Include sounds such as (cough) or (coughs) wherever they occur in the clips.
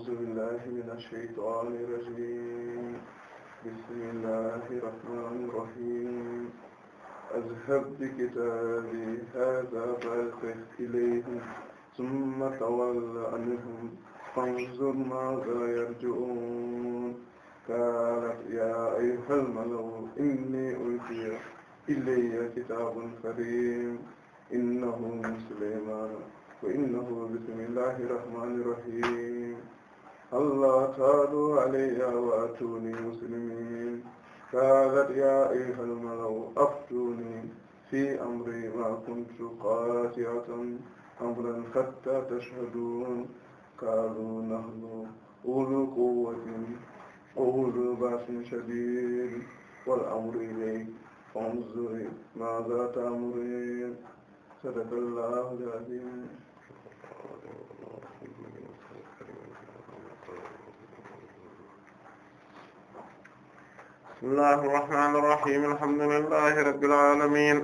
أعوذ بالله من الشيطان الرجيم بسم الله الرحمن الرحيم اذهب بكتابي هذا فألقه إليهم ثم تول عنهم فانظر ماذا يرجعون قالت يا أيها الملأ إني أوحي إلي كتاب كريم إنه من سليمان وإنه بسم الله الرحمن الرحيم الله تعالوا عليها وأتوني مسلمين قالت يا أيها الملأ أفتوني في أمري ما كنت قاطعة أمرا حتى تشهدون قالوا نحن أولو قوة وأولو بأس شديد والأمر إليك فانظري ماذا تأمرين صدق الله العظيم bismillahi irrahmani irrahim alhamdulillahi rabbil alamin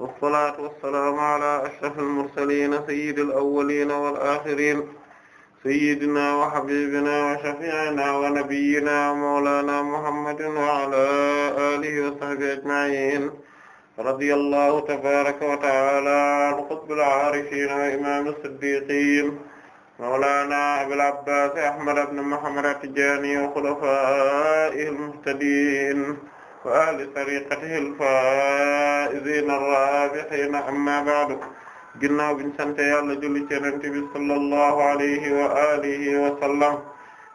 wassalatu wassalamu ala ashraf almursalin sayyid alawalin wal axirin sayyidina wa habibina wa shafi'ina wa nabiyyina wa mawlana muhammadin wa ala alihi wa sahbihi ajma'in radiyallahu tabaraka wa ta'ala an qutbil aarifin wa imam as-siddiqin mawlana Abul Abbas Ahmad ibn Muhammad at-Tijani wa khulafaa'ihi al-muhtadiin wa ahli tariqatihi al-faa'iziina ar-raabihiina amma ba'du ginnaaw biñ sant Yàlla julli ci Yonent bi sallallahu alayhi wa alihi wa sallam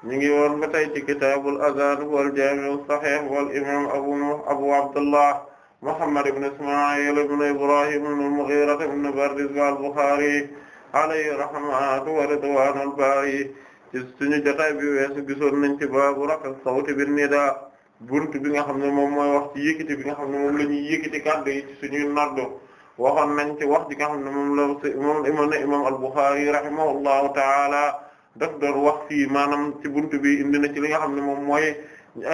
ñu ngi woon ba tey ci kitaabul azaan wal jaami' as-sahih wal imaam abu abu Abdullah Muhammad ibn Isma'il ibn Ibrahim ibn al-Mughira ibn Bardiz al-Bukhari alayhi a wa ridwanul baari ci suñu jotaay bi weesu gisoon nañ ci baabu raf'u sawti bin nidaa buntu bi nga xam ne moom mooy wax ci yëkkati bi nga xam ne moom la ñuy yëkkati kàddu yi ci suñuy noddu waxoon nañ ci wax ji nga xam ne moom la moom imam na imam al-Bukhari rahimahullahu taala daf doon wax fii maanaam ci buntu bi indi na ci li nga xam ne moom mooy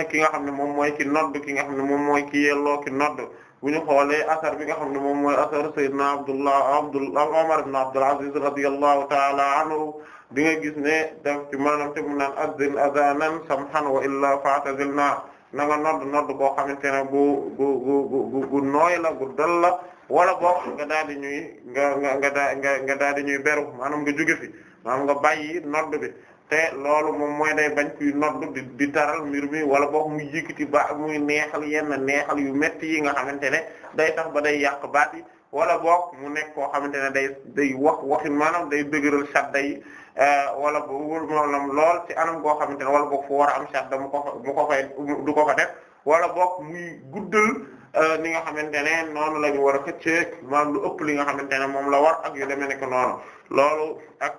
ki nga xam ne moom mooy ki noddu ki nga xam ne moom mooy ki yelloo ki noddu bu ñu xoolee asar bi nga xam ne moom mooy asar sayyidina Abdullah Abdullah Umar ibn Abdul Aziz radiyallahu ta'ala anhu di nga gis ne daf ci maanaam te mu naan azzin azanan samhan wa illa fa'tazilna na nga nodd nodd boo xamante ne bu bu bu bu nooy la bu dal la wala boo nga daal di ñuy nga nga nga nga daal di ñuy beru maanaam nga jóge fi maanaam nga bàyyi nodd bi te loolu moom mooy day bañ kuy noddu di di taral mbir mi wala book muy yëkkati ba muy neexal yenn neexal yu metti yi nga xamante ne day tax ba day yàq baat yi wala boog mu nekk koo xamante ne day day wax waxin maanaam day dëgëral sadda yi euh, wala boog maanaam lool ci anam goo xamante ne wala boog fu war am sadda mu ko mu ko fay du ko ko def wala boog muy guddal euh, ni nga xamante ne noonu la ñu war a xëccee maanaam lu ëpp li nga xamante ne moom la war ak yu demee nekk noonu loolu ak.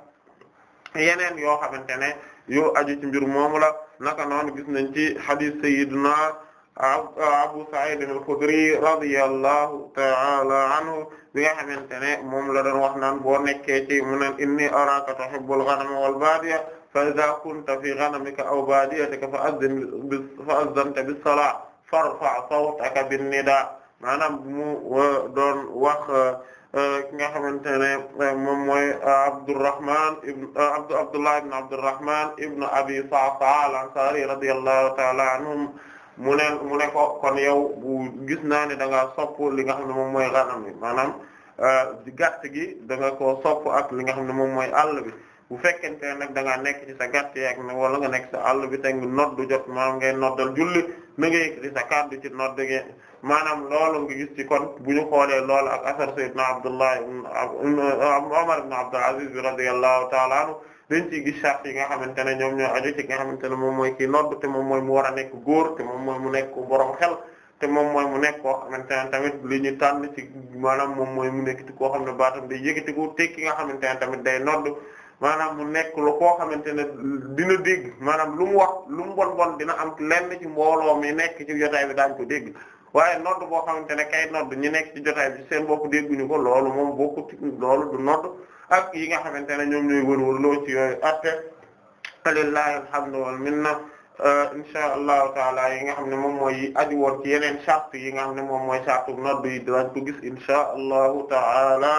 yeneen yoo xamante ne yu aju ci mbir moomu la naka noonu gis nañ ci hadith sayyidina Abu Sa'id al-Khudri radiyallahu ta'ala anhu bi nga xamante ne moom la doon wax naan boo nekkee ci mu naan inni araka tuhibbul ghanama wal baadiya fa idha kunta fi ghanamika aw baadiyatika fa azzin bi fa azzanta bis salaa farfa sawtaka bin nidaa maanaam mu uh, doon wax uh, ki nga xamante ne euh, moom mooy euh, Abdurrahman ibn euh, Abdu Abdullah ibn Abdurrahman ibn Abi Sa'sa'a al-Ansari radiyallahu ta'ala anhum mu ne mu ne ko kon yow bu gis naa ne da ngaa sopp li nga xam ne moom mooy ganam bi maanaam gàtt gi da ko koo sopp ak li nga xam ne moom mooy àll bi bu fekkente ne nag da ngaa nekk ci sa gàtt yi ak wala nga nekk sa àll bi te nga noddu jot maam ngay noddal julli na nga yëkkati sa kàddu ci nodd gi maanaam loolu ngi gis ci kon bu ñu xoolee loolu ak asar sayyidna Abdullah ibn Umar ibn Abdul Aziz bi radiyallahu ta'ala dañ ciy gis sart yi nga xamante ne ñoom ñoo aju ci nga xamante ne moom mooy kii nodd te moom mooy mu war a nekk góor te moom mooy mu nekk borom xel te moom mooy mu nekk xamante ne tamit li ñu tànn ci maanaam moom mooy mu nekk koo xam ne baatam day yëkkatiku te ki nga xamante ne tamit day nodd maanaam mu nekk lu koo xamante ne dina dégg maanaam lu mu wax lu mu bon dina am lenn ci mbooloom mi nekk ci jotaay bi daañ ko dégg waaye nodd boo xamante ne kay nodd ñi nekk ci jotaay bi seen bopp dégguñu ko loolu moom bokkut loolu du nodd ak yi nga xamante ne ñoom ñooy wër wor loo ci yooyu atte lillahi alhamdu wal minna euh, insha allahu taala yi nga xam ne moom mooy aju won ci yeneen charte yi nga xam ne moom mooy charte nodd yi dinañ ko gis insha allahu taala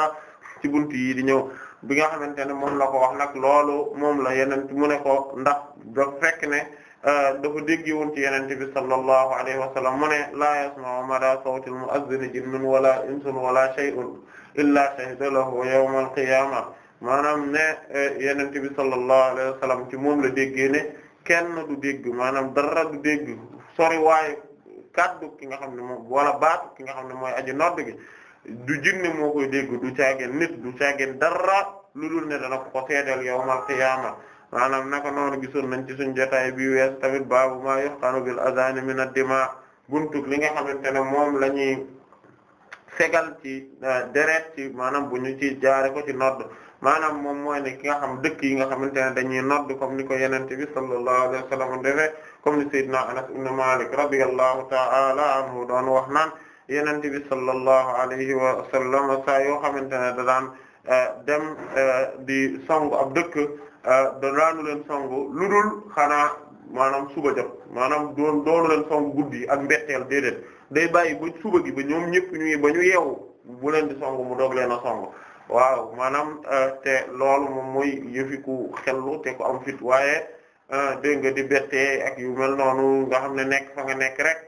ci bunt yi di ñëw bi nga xamante ne moom la ko wax nag loolu moom la yeneen mu ne ko ndax da fekk ne Euh, dafa dégg woon ci yonent bi sallallahu alayhi wa sallam mu ne laa yasma'u mada sawti al-mu'azzin jinnun wala insun wala shay'un illa shahida lahu yawm al-qiyamah ne e, yonent bi sallallahu alayhi wa ci moom la déggee ne kenn du dégg maanaam dara du dégg sori waaye kaddu ki nga xam ne moom wala baat ki nga xam ne mooy aji nodd gi du jinne moo koy dégg du caageen nit du caageen dara lu dul ne dana ko ko seedeel yawmal qiyaama maanaam naka noonu gisoon nañ ci suñu jotaay bi wees tamit baabu ma yuhqanu bil adhan min ad-dima buntu li nga xamante ne moom lañuy fegal ci euh, deret ci maanaam bu ñu ci jaare ko ci nodd maanaam moom mooy ne ki nga xam dëkk yi nga xamante ne dañuy nodd kom ni ko yenente bi sallallahu alayhi wa sallam defee comme ni sayyidina Anas ibn Malik radiyallahu ta'ala anhu doon wax naan yenente bi sallallahu alayhi wa sallam saa yoo xamante ne da daan euh, dem euh, di songu ab dëkk Euh, daanu leen songu lu dul xanaa maanaam suba jot maanaam doon doonu leen songu guddi ak mbetteel déedéet day bàyyi ba suba gi ba ñoom ñëpp ñuy ba ñu yeewu bu leen di songu mu doog leen a songu waaw maanaam euh, te loolu moom mooy yëfiku ku te ko am fit waaye euh, dégg nga di bettee ak yu mel noonu nga xam ne nekk fa nga nekk rek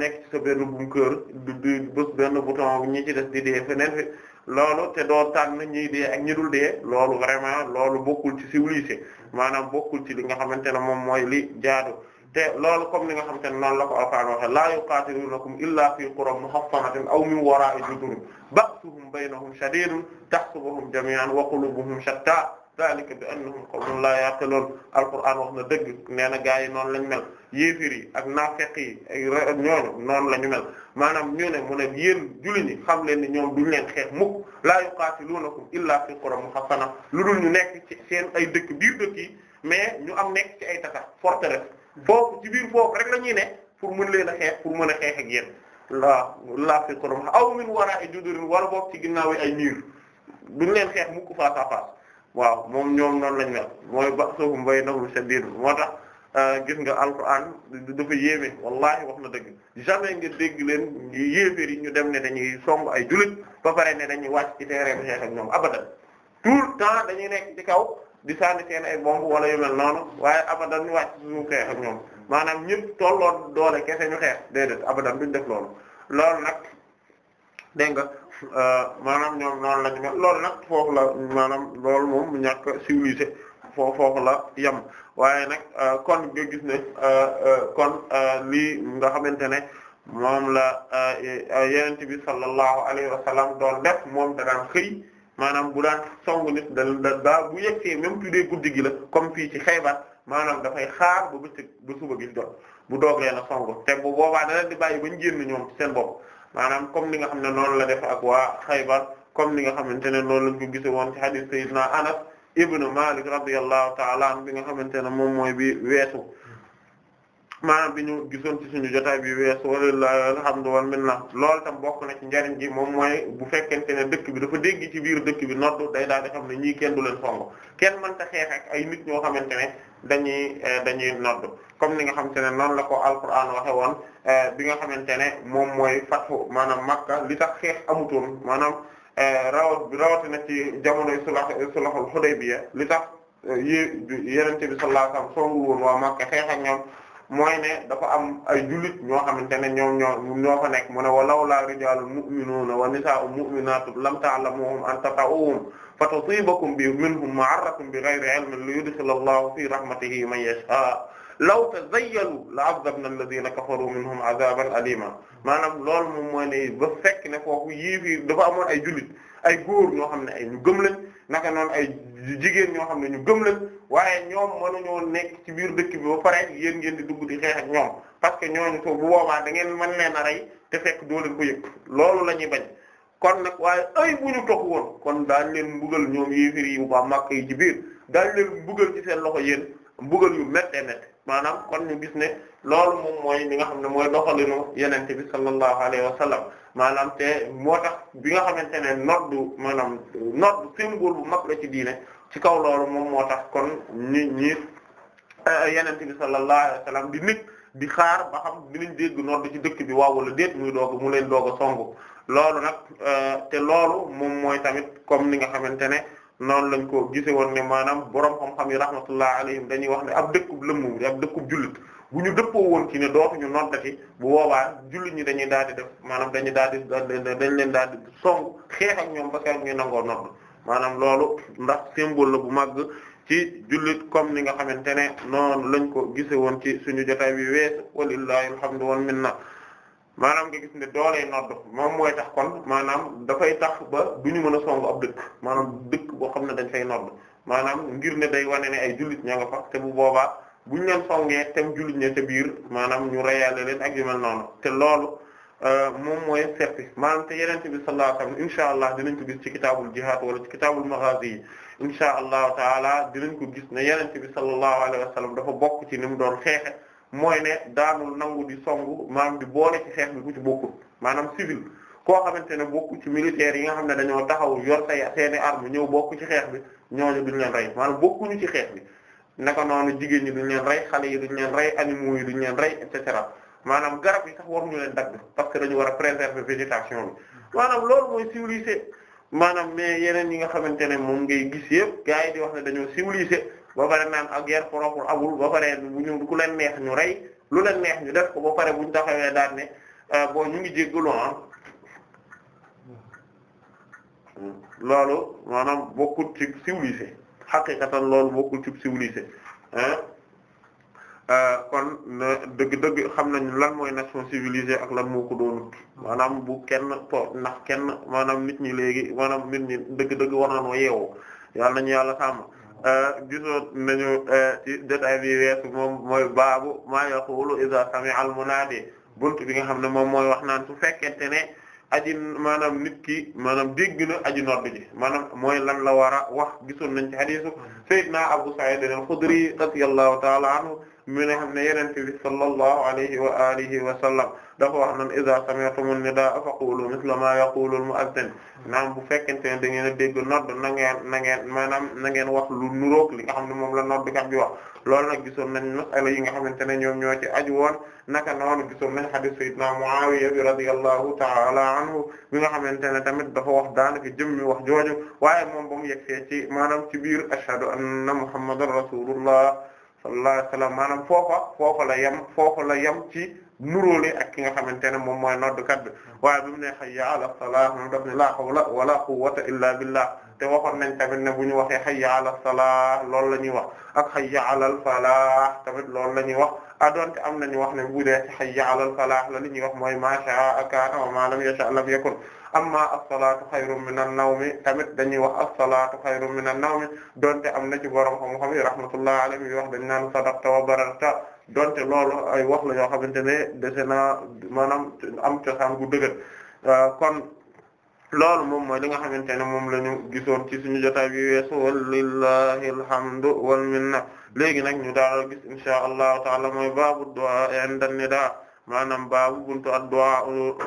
nekk ci sa benn buum kër du du bés benn bouton ñi ci des di dee feneen fi loolu te doo na ñiy dee ak ñi dul dee loolu vraiment loolu bokkul ci civilisé maanaam bokkul ci li nga xamante ne moom mooy li jaadu te loolu comme ni nga xamante ne noonu la ko Alxuraan waxe laa yuqaatilunakum illaa fii quran muhassanatin aw min waraa'i judurin ba'suhum baynahum shadiidun tahsabuhum jamii'an wa quluubuhum shattaa dhaalika bi annahum qawmun laa ya'qiluun Alxuraan wax na dëgg nee na gaa yi noonu lañ mel yéefir yi ak naa naafeq yi ak ñooñu noonu la ñu mel maanaam ñu ne mu ne yéen julli ñi xam leen ni ñoom duñ leen xeex mukk laa yuqaatiluunakum illaa fi qura muhassana lu dul ñu nekk ci seen ay dëkk biir mais ñu am nekk ci ay tata forteresse foofu ci biir foofu rek la ñuy ne pour mën leen a pour mën a xeex ak yéen laa laa fi qura aw min waraa'i judurin wala boog ci ginnaaw ay miir duñ leen xeex mukk face à face waaw moom ñoom noonu lañ mel mooy ba'suhum baynahum shadiid moo tax Euh, gis nga alquran dafa yéeme wallahi wax na dëgg jamais nga dégg leen yéeféer yi ñu dem ne dañuy song ay jullit ba pare ne dañuy wàcc ci terrain xeex ak ñoom abadan tout le temps dañuy nekk ci kaw di sànni seen ay bomb wala yu mel waaye abadan ñu wàcc suñu xeex ak ñoom maanaam ñëpp tolloo doole kese ñu xeex déedéet abadan duñ def loolu lool nag dégg nga euh, maanaam ñoom noonu lañu loolu nag foofu la maanaam loolu moom ñàkk civilisé foo foofu la yem waaye nag euh, kon nga gis ne euh, euh, kon lii nga xamante ne moom la yenente bi sallallahu alayhi wa sallam doon def moom da daan xëy maanaam bu daan songu nit da da daa bu yegsee même tuddee guddi gi la comme fii ci Xaybar maanaam dafay xaar ba bëccëg ba suba gi jot bu doog leen a songu te bu boobaa da di bàyyi bañ génn ñoom ci seen bopp maanaam comme li nga xam ne noonu la def ak waa Xaybar comme li nga xamante ne noonu la ko gise woon ci hadith Sayyidina Anas ibn Malik radiyallahu ta'ala anhu bi nga xamante ne moom mooy bi weesu maanaam bi ñu gisoon ci suñu jotaay bi weesu walillahi alhamdu wal minna lool tam bokk na ci njariñ gi moom mooy bu fekkente ne dëkk bi dafa dégg ci biir dëkk bi noddu day daal di xam ne ñii kenn du leen song kenn man ta ak ay nit ñoo xamante ne dañuy eh, dañuy noddu comme ni nga xamante ne noonu la ko alquran waxe woon eh, bi nga xamante ne moom mooy fathu maanaam Makka li tax xeex amutoon Euh, rawat rawatina ci jamonoy sulah sulahul Hudaybiya li tax euh, yi Yonent bi sallallahu alayhi wasallam songu woon waa Makka xeex ak ñoom mooy ne dafa am ay jullit ñoo xamante ne ñoom ñoo ñoo fa nekk mu ne wa lawlaa rijaalun mu'minuuna wa nisaa'un mu'minaatun lam ta'lamuuhum an tata'uuhum fa tusiibakum minhum ma'arratun bighayri 'ilmin li yudkhila Allahu fii rahmatihi man yashaa' law tazayyalu la azabna alladhina kafaru minhum azaban maanaam lool moom mooy ne ba fekk ne foofu yéefir dafa amoon ay jullit ay góor ñoo xam ne ay ñu gëm lañ naka noonu ay jigéen ñoo xam ne ñu gëm lañ waaye ñoom mënuñoo nekk ci biir dëkk bi ba pare yéen ngeen di dugg di xeex ak ñoom parce que ñooñu soo bu boobaa dangeen ngeen mën leen a rey te fekk doo leen ko yëg loolu la ñuy bañ kon nag waaye ay bu ñu toog woon kon daañ leen mbugal ñoom yéefir yi bu baa màkk yi ci biir daañ leen yéen mbugal yu méttee maanaam kon ñu gis ne loolu moom mooy li nga xam ne mooy doxalinu yenente bi sallallahu alayhi wa sallam maanaam te moo tax bi nga xamante ne noddu maanaam noddu symbole bu mag la ci diine ci kaw loolu moom moo tax kon ñi ñi eh, yenente bi sallallahu alayhi wa bi di nit di xaar ba xam dinañ dégg noddu ci dëkk bi waaw wala déet muy doog mu leen doog a songu loolu nag eh, te loolu moom mooy tamit comme ni nga xamante ne noonu lañ ko gise woon ne maanaam borom xam-xam yi rahmatullah alayhim dañuy wax ne ab dëkkub lëmm ab dëkkub jullit bu ñu dëppoo woon ci ne dootuñu noddati bu boobaa jullit ñi dañuy daal di def maanaam dañuy daal di dañ leen daal di song xeex ak ñoom ba kar ñuy nangoo maanaam loolu ndax symbole la bu màgg ci jullit comme ni nga xamante ne noonu lañ ko gise woon ci suñu jotaay bi weesu walillahi alhamdu wal minna maanaam nga gis ne doolee nodd moom mooy tax kon maanaam dafay tax ba du ñu mën a song ab dëkk maanaam dëkk boo xam ne dañ fay nodd maanaam ngir ne day wane ne ay jullit ña nga fa te bu boobaa ñu leen songee te jullit ña te biir maanaam ñu reyaale leen ak yu mel noonu te loolu euh, moom mooy seppi maanaam te yeneen bi sallallahu alayhi wasallam insha allah dinañ ko gis ci kitaabul jihaad wala ci kitaabul maghazi yi insha allahu taala dinañ ko gis ne yeneen bi sallallahu alayhi wasallam dafa bokk ci ni mu doon xeexe mooy ne daanul nangu di songu maanaam di boole ci xeex bi ku ci bokkul maanaam civil koo xamante ne bokku ci militaire yi nga xam ne dañoo taxaw yor say seeni arme ñëw bokk ci xeex bi ñooñu duñ leen rey maanaam bokkuñu ci xeex bi naka noonu jigéen ñi duñ leen rey xale yi duñ leen rey animaux yi duñ leen rey et cetera maanaam garab yi tax sax ñu leen dagg parce que dañu war a préserver végétation bi mm-hmm. maanaam loolu mooy civilisé maanaam mais yeneen yi nga xamante ne moom ngay gis yëpp gars yi di wax ne dañoo civilisé ba pare naan ak yar propre amul ba pare bu ñu ku leen neex ñu rey lu leen neex ñu def ko ba pare bu ñu taxawee daal ne euh, bon ñu ngi jéggalu ah loolu maanaam bokkul ci civilisé xaqiqatan loolu bokkul ci civilisé ah Euh, kon dëgg-dëgg xam nañ lan mooy nation civilisée ak lan moo ko doonut maanaam bu kenn to ndax kenn maanaam nit ñi léegi maanaam nit ñi dëgg-dëgg war na noo yeewoo yàlla nañu yàlla sàmm euh, gisoon nañu euh, ci détail bi weesu mooy baabu maa yaqulu iza sami'a al-munaadi bunt bi nga xam ne moom mooy wax naan su fekkente ne aji maanaam nit ki maanaam dégg na aji noddu ji maanaam mooy lan la war a wax gisoon nañ ci hadiisu Seydina Abu Sa'id al-Khudri radiyallahu ta'ala anhu mi ne xam ne yonent bi sallallahu alayhi wa alihi wa sallam dafa wax nan iza sami'tumu nidaa fa qulu misla ma yaqulu al-mu'adhdhin naam bu fekkente ne da ngeen a dégg nodd na ngeen na ngeen maanaam na ngeen wax lu nuroog li nga xam ne moom la noddkat bi wax loolu nag gisoon nañ masala yi nga xamante ne ñoom ñoo ci aju woon naka noonu gisoon nañ hadith sayyidina Muawiya bi radiyallahu ta'ala anhu bi nga xamante ne tamit dafa wax daanaka jëmmi wax jooju waaye moom ba mu yegsee ci maanaam ci biir ashhadu anna muhammadan rasulullah sallallahu alayhi wa maanaam foofa foofa la yem foofa la yem ci nuróole ak ki nga xamante ne moom mooy noddkat bi waaye bi ne hayya ala salah moom daf ne la hawla wala quwwata illa billah te waxoon nañ tamit ne bu ñu waxee hayya ala salah loolu la ñuy wax ak hayya alal falah tamit loolu la ñuy wax a doonte am nañu wax ne bu dee ci hayya alal falah la li ñuy wax mooy ma sha'a kaana wa ma lam yasha lam yakun amma as-salaatu xayrun naw nawmi tamit dañuy wax as-salaatu xayrun minan nawmi donte am na ci borom xam-xam yi rahmatullahi wax dañ naan sadaqta wa bararta donte ay wax la yoo xamante ne dese na maanaam am cosaan gu dëgër euh, kon loolu moom mooy li nga xamante ne moom la ñu ci suñu jotaay bi weesu walillahi alhamdu wal léegi nag ñu daal gis insha allahu taala mooy baabu du'a inda nidaa maanaam baabu buntu ad-du'a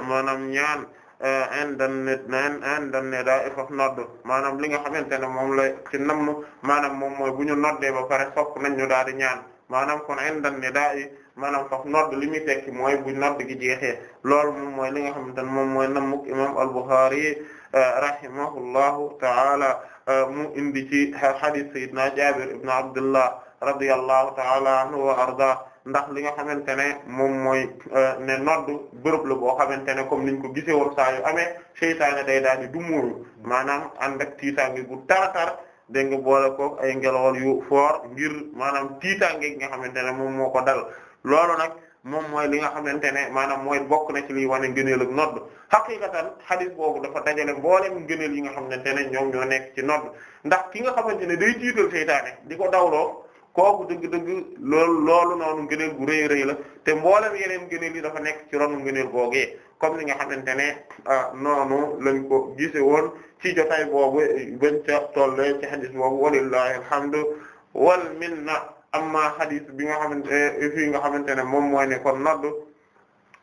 maanaam ñaan Eh, indan indan ne daa faf nodd maanaam li nga xamante ne moom la ci namnu maanaam moom mooy bu ñu noddee ba pare sopp nañ ñu daal di ñaan maanaam kon indan ne daa i maanaam faf nodd li muy tekki mooy bu nodd gi jeexee loolu moom mooy li nga xamante ne moom mooy nammuk imam al-Bukhari eh, rahimahullahu ta'ala eh, mu indi ci hadith sayyidina Jabir ibn Abdullah radiyallahu ta'ala anhu wa arda ndax li nga xamante ne moom mooy euh, ne nodd bërëb la boo xamante ne comme niñ ko gisee woon saa yu amee seytaane day daal di du muuru maanaam ànd ak tiitaange bu taratar dégg nga boole kook ay ngelawal yu fort ngir maanaam tiitaange gi nga xamante ne moom moo ko dal loolu nag moom mooy li nga xamante ne maanaam mooy bokk na ci liy wane ngëneel ak nodd xaqiqatan xadis boobu dafa dajale mboolem ngëneel yi nga xamante ne ñoom ñoo nekk ci nodd ndax ki nga xamante ne day tiital seytaane di ko dawloo kooku dëgg-dëgg loolu loolu noonu ngëneel gu rëy rëy la te mboolem yeneen ngëneel yi dafa nekk ci ronu ngëneel googee comme ni nga xamante ne ah, noonu lañ ko gise woon ci jotaay boobu bañ ca tolle ci xadis boobu walillahi alhamdu wal na amma xadis bi nga xamante eh, fii nga xamante ne moom mooy ne kon nodd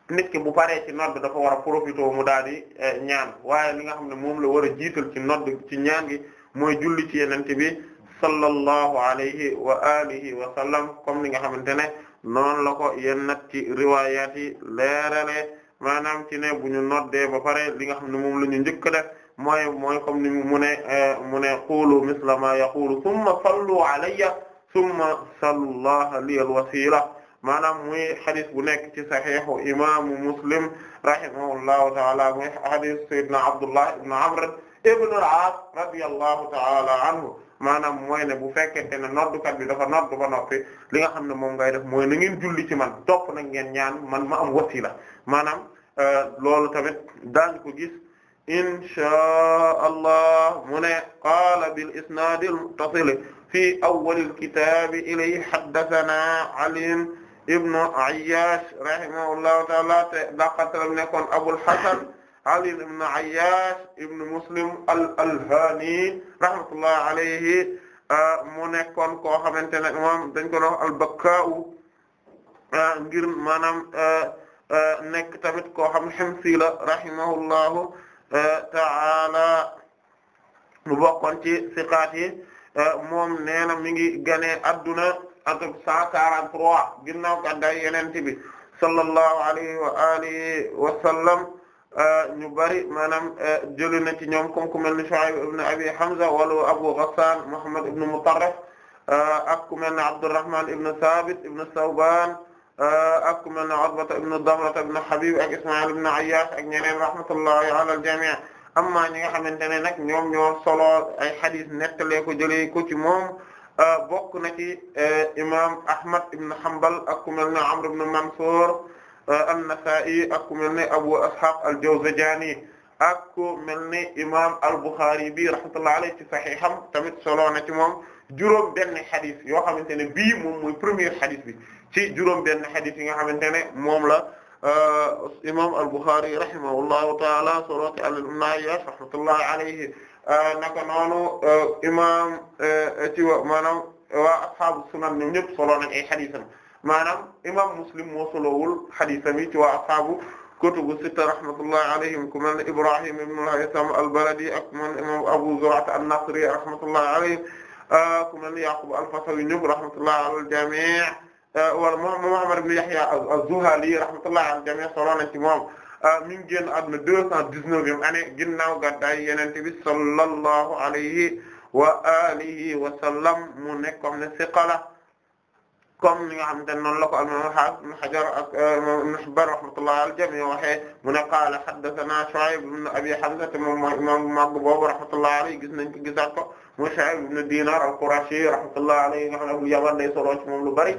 nit ki bu paree ci nodd dafa war a profité mu daal di eh, ñaan waaye li nga xam ne moom la war a jiital ci nodd ci ñaan gi mooy julli ci yenente bi sallallahu alayhi wa alihi wa sallam comme ni nga xamante ne noonu la ko yen nag ci riwayat yi leerale maanaam ci ne bu ñu noddee ba pare li nga xam ne moom la ñu njëkk def mooy mooy comme ni mu ne eh, mu ne qulu misla ma yaqulu thumma sallu alayya thumma sallu allaha li al wasila maanaam muy xadis bu nekk ci saxiixu imaamu muslim rahimahullahu taala muy xadis sayyidina abdullah ibn amr ibn al-aas radiyallahu taala anhu maanaam mooy ne bu fekkente ne noddukat bi dafa noddu ba noppi li nga xam ne moom ngay def mooy na ngeen julli ci man topp na ngeen ñaan man ma am wasila maanaam euh, loolu tamit daañu ko gis insha allah mu ne qaala bil isnaad al muttasil fi awwal al kitaab ilayhi haddathana alim ibnu ayyash rahimahullahu ta'ala te daqatalam nekkoon abul hasan Ali ibn Ayyash ibn Muslim al-Alhani rahmatullahi alayhi euh, mu nekkoon koo xamante ne moom dañ ko doon al-Bakka'u euh, ngir maanaam euh, nekk tamit koo xam Himsi la rahimahullahu ta'ala mu bokkoon ci siqaat yi moom nee na mi ngi ganee adduna ak 143 ginnaaw gàddaay Yonent bi sallallahu alayhi wa alihi wa sallam ñu bari maanaam jëlu na ci ñoom comme ku mel ni Shu'ayb ibn Abi Hamza wala Abu Ghassan Muhammad ibn Mutarrif ak ku mel ne Abdurrahman ibn Thabit ibn Thawban ak ku mel ne Utbata ibn Damrata ibn Habib ak Isma'il ibn Ayyash ak ñeneen rahmatullahi ala al amma ñi nga xamante ne nag ñoom ñoo solo ay xadis nettalee ko jëlee ko ci moom bokk na ci imam Ahmad ibn Hanbal ak ku mel ne Amr ibn Mansur Euh, an-Nasa'i ak ku mel ne Abu Ishaq al-Jawzajani ak ku mel ne imam al-Bukhari bi rahmatullahi alayhi ci sahiham tamit solo na ci moom juróom benn xadis yoo xamante ne bii moom mooy premier xadis bi ci juróom benn xadis yi nga xamante ne moom la euh, imam al-Bukhari rahimahullahu ta'ala solo ci al-Umniyya rahmatullahi alayhi euh, naka noonu imam ci wa maanaam waa ashaabu sunan ñoom ñëpp solo nañ ay xadisam maanaam imam muslim moo solowul xadisam yi ci waa ashaabu kutubu sitta rahmatullahi alayhim ku mel ne ibrahim ibn al-Haytham al-Baladi ak man imam abu Zur'a an-Nasri rahmatullahi alayhim ah, ku mel ne yaqub al-Fasawi ñëpp rahmatullahi ala al-jami' ah, wala moom muhammad ibn yahya az-Zuhali rahmatullahi ala al-jami' solo na ci moom ah, mi ngi génn àdduna deux cent dix-neuvième année ginnaaw gàddaay Yonent bi sallallahu alayhi wa alihi wa sallam mu nekk comme ne siqa la comme ni nga xamante ne noonu la ko imam ibn Hajar ak imam euh, Ibn Hibban rahmatullahi al jami waxee mu ne qaala haddathana Shu'ayb ibn Abi Hamza te moom mooy imam mag boobu rahmatullahi alayhi gis nañ ko gisaat ko mooy Shu'ayb ibn Dinar al-Qurashi rahmatullahi alayhi nga xam ne Abu Yaman day solo ci moom lu bari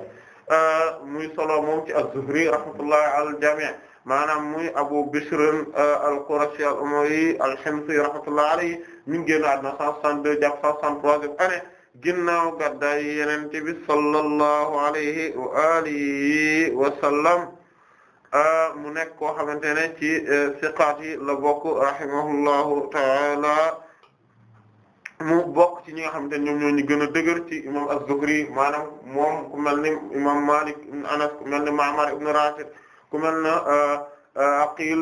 euh, muy solo moom ci az-Zuhri rahmatullahi al jami maanaam muy Abu Bishr euh, al-Qurashi al-Umawi al-Himsi rahmatullahi alayhi mi ngi génn àdduna 162 jàpp 163 année ginnaaw gàddaay Yonent bi sallallahu alayhi wa alihi wa sallam mu nekk koo xamante ne ci e, siqaat yi la bokk rahimahullahu taala mu bokk ci ñi nga xamante ne ñoom ñoo ñu gën a dëgër ci imam az-Zuhri maanaam moom ku mel ni imam Malik ibn Anas ku mel ni Ma'mar ibn Rashid ku mel na Aqil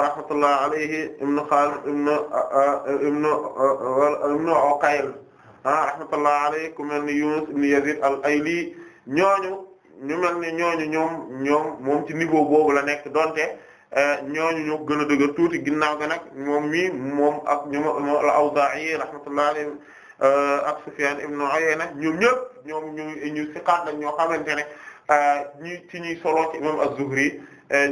rahmatullah alayhi ibn Khalid ibn ibn ibn Uqayl ah rahmatullah alayhi ku mel ni Yunus ibn Yazid al-Ayli ñooñu ñu mel ni ñooñu ñoom ñoom moom ci niveau boobu la nekk donte eh, ñooñu ñoo gën a dëgër tuuti ginnaaw ga nag moom mii moom ak ñoom al-Awzaa'i rahmatullah alayhi eh, ak Sufyan ibn Uyayna ñoom ñëpp ñoom ñu ñu siqaat lañ ñoo xamante ne eh, ñi ci ñuy solo ci imam az-Zuhri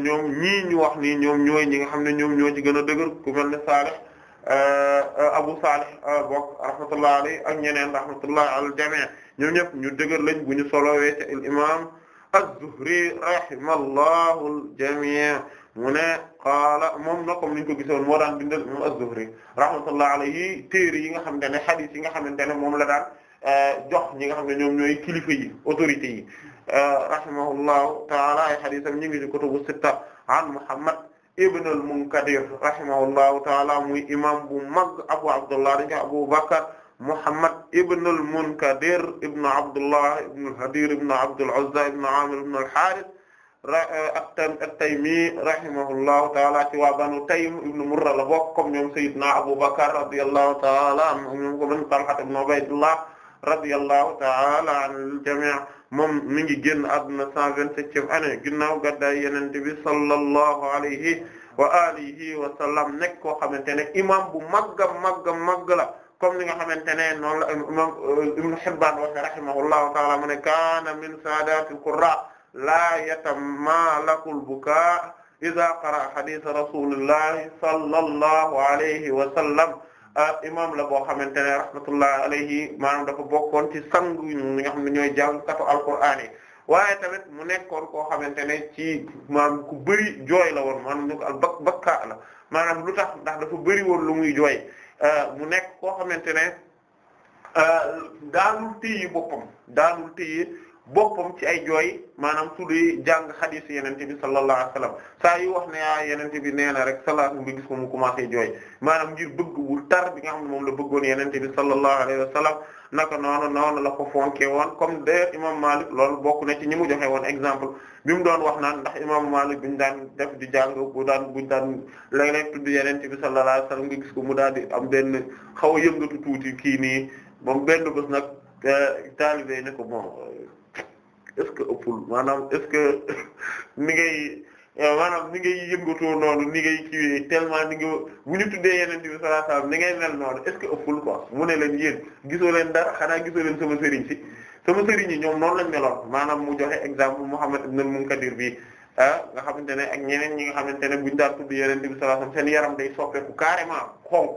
ñoom ñii ñu wax nii ñoom ñooy ñi nga xam ne ñoom ñoo ci gën a dëgër ku mel ne Saalih Euh, euh, Abu Salih euh, bokk rahmatullah alayhi ak ñeneen rahmatullah al jami' ñoom ñëpp ñu dëgër lañ bu ñu solowee ci al imam az-Zuhri rahimallahu al jami' mu ne qaala moom na comme ni ñu ko gisoon moo daan bindal moom az-Zuhri rahmatullah alayhi téere yi nga xam ne hadith yi nga xamante ne moom la daan jox ñi nga xam ne ñoom ñooy kilifa yi autorités yi rahimahullahu ta'ala ay haditham ñu ngi ci kutubu sitta an Muhammad ibn al-Munkadir rahimahullahu taala muy imam bu mag Abu Abdullah dañu Abu Bakr Muhammad ibn al-Munkadir ibn Abdullah ibn al-Hadir ibn Abd al-Uzza ibn Amir ibn al-Harith eh, at-Taymi rahimahullahu taala ci waa Banu Taym ibn Murra la bokk comme ñoom Sayyidina Abu Bakr radiyallahu taala anhu ñoom ko ben Talha ibn Ubaydullah radiyallahu ta'ala anil jami' moom mi ngi génn àdduna 127e année ginnaaw gàddaay Yonent bi sallallahu alayhi wa alihi wa sallam nekk koo xamante ne imam bu magga magga magga la comme ni nga xamante ne noonu la imam euh, Ibn Hibban wa rahimahullahu ta'ala mu ne kaana min saadatil qurra la yatamalakul bukaa idha qara'a hadith rasulillahi sallallahu alayhi wa sallam Ah, imam la boo xamante ne rahmatullahi alayhi maanaam dafa bokkoon ci sangu ñi nga xam ne ñooy jàngkatu alquraan yi waaye tamit mu nekkoon koo xamante ne ci maam ku bëri jooy la woon maanaam ñu ko al bak bakka la maanaam lu tax ndax dafa bëri woon lu muy jooy ah, mu nekk koo xamante ne ah, daanul téye boppam daanul téye boppam ci ay jooy maanaam su dee jàng xadiis yenente bi sallallahu alayhi wasallam saa yu wax na ah yenente bi nee na rek salaatu nga gis mu commencé jooy maanaam ngir bëgg bu tar bi nga xam ne moom la bëggoon yenente bi sallallahu alayhi wasallam naka noonu noonu la ko fonke woon comme d'ailleurs imam Malik loolu bokk na ci ñi mu joxe woon exemple bi mu doon wax naan ndax imam Malik buñu daan def di jàng bu daan buñu daan léeg-léeg tudd yenente bi sallallahu alayhi wasallam nga gis ko mu daal di am benn xaw a yëngatu tuuti kii nii moom benn bés nag eh, taalibe ne ko bon est-ce que ëppul maanaam est-ce que (laughs) ni ngay euh, maanaam ni yëngatoo noonu ni ngay kiiwee tellement ni nga bu ñu tuddee yeneen bi sallallahu alayhi ngay mel noonu est-ce que ëppul quoi mu ne leen yéen gisoo leen dara xanaa gisoo leen sama sëriñ si sama sëriñ yi ñoom noonu lañ meloon maanaam mu joxe exemple Muhammad ibn al-Munkadir bi ah, nga xamante ne ak ñeneen ñi nga xamante ne buñu daan tudd yeneen bi sallallahu alayhi wasallam seen yaram day soppeeku carrément xonk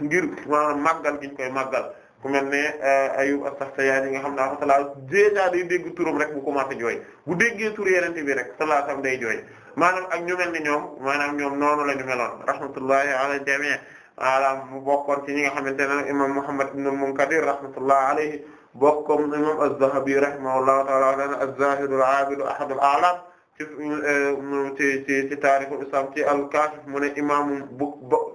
ngir maanaam màggal gi ñu koy màggal ku mel ne eh, Ayyub as-Saxtiyaani nga xam ne alhamdulilah déjà day dégg turam rek bu commencé jooy bu déggee tur yeneen bi rek sallallahu alayhi day jooy maanaam ak ñu mel ni ñoom maanaam ñoom noonu la ñu meloon rahmatullahi ala jamii ala mu bokkoon ci ñi nga xamante ne imam Muhammad ibn al-Munkadir rahmatullahi alayhi bokkoon imam az-Zahabi rahimahullahu ta'ala dana az-Zahid al-Abid ahad al-a'lam eh, ci ci ci ci taarixul islam ci al-Kashif mu ne imaamu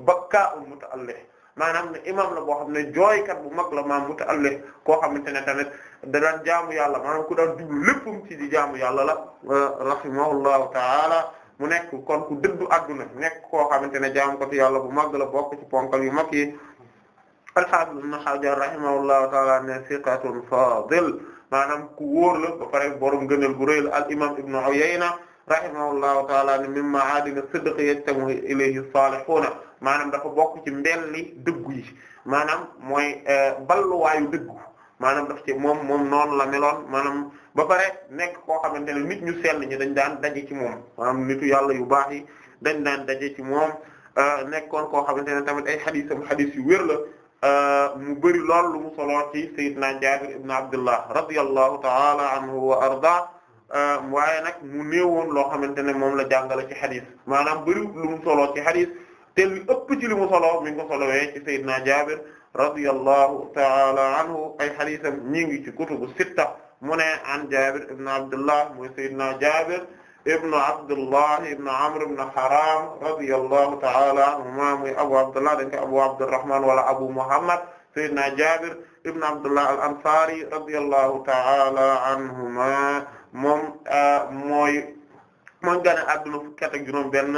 Bakka al-Muta'allih maanaam ne imam la boo xam ne jooykat bu mag la maam muta'allih koo xamante ne tamit da daan jaamu yàlla maanaam ku daan duglu léppam ci di jaamu yàlla la euh, rahimahullahu taala mu nekk kon ku dëddu adduna nekk koo xamante ne jaamu ko ci yàlla bu mag la bokk ci ponkal yu mag yi al-Hafiz ibn Hajar rahimahullahu taala ne siqatun fadil maanaam ku wóor la ba pare borom gënal bu rëy la al imam ibnu Uyayna rahimahullahu taala ne mimma aadina sidq yajtamu ilayhi salihuna maanaam dafa bokk ci mbelli dëggu yi maanaam mooy eh, balluwaayu dëggu maanaam daf ci moom moom noonu la meloon maanaam ba pare nekk koo xamante ne nit ñu sell ñi dañ daan daje ci moom maanaam nitu yàlla yu baax yi dañ daan daje ci moom eh, nekkoon koo xamante ne tamit ay xadiisam xadiis yu wér la eh, mu bëri lool lu mu soloo ci sayyidina Jaabir ibn Abdullah radiyallahu taala anhu wa arda Euh, waaye nag mu néewoon loo xamante ne moom la jàngale ci xadis maanaam bëri lu mu solo ci xadis te li ëpp ci li mu solo mi ngi ko solowee ci Seydina Jaabir radiyallahu taala anhu ay xadisam ñi ngi ci kutubu sitta mu ne an Jaabir ibn Abdullah mooy Seydina Jaabir ibn Abdullah ibn Amr ibn Haram radiyallahu taala anhuma muy Abu Abdullah dañ ko Abu Abdurrahman wala Abu Muhammad Seydina Jaabir ibn Abdullah al-Ansari radiyallahu taala anhuma moom euh, mooy mooy gane adduna fukki at ak juróom benn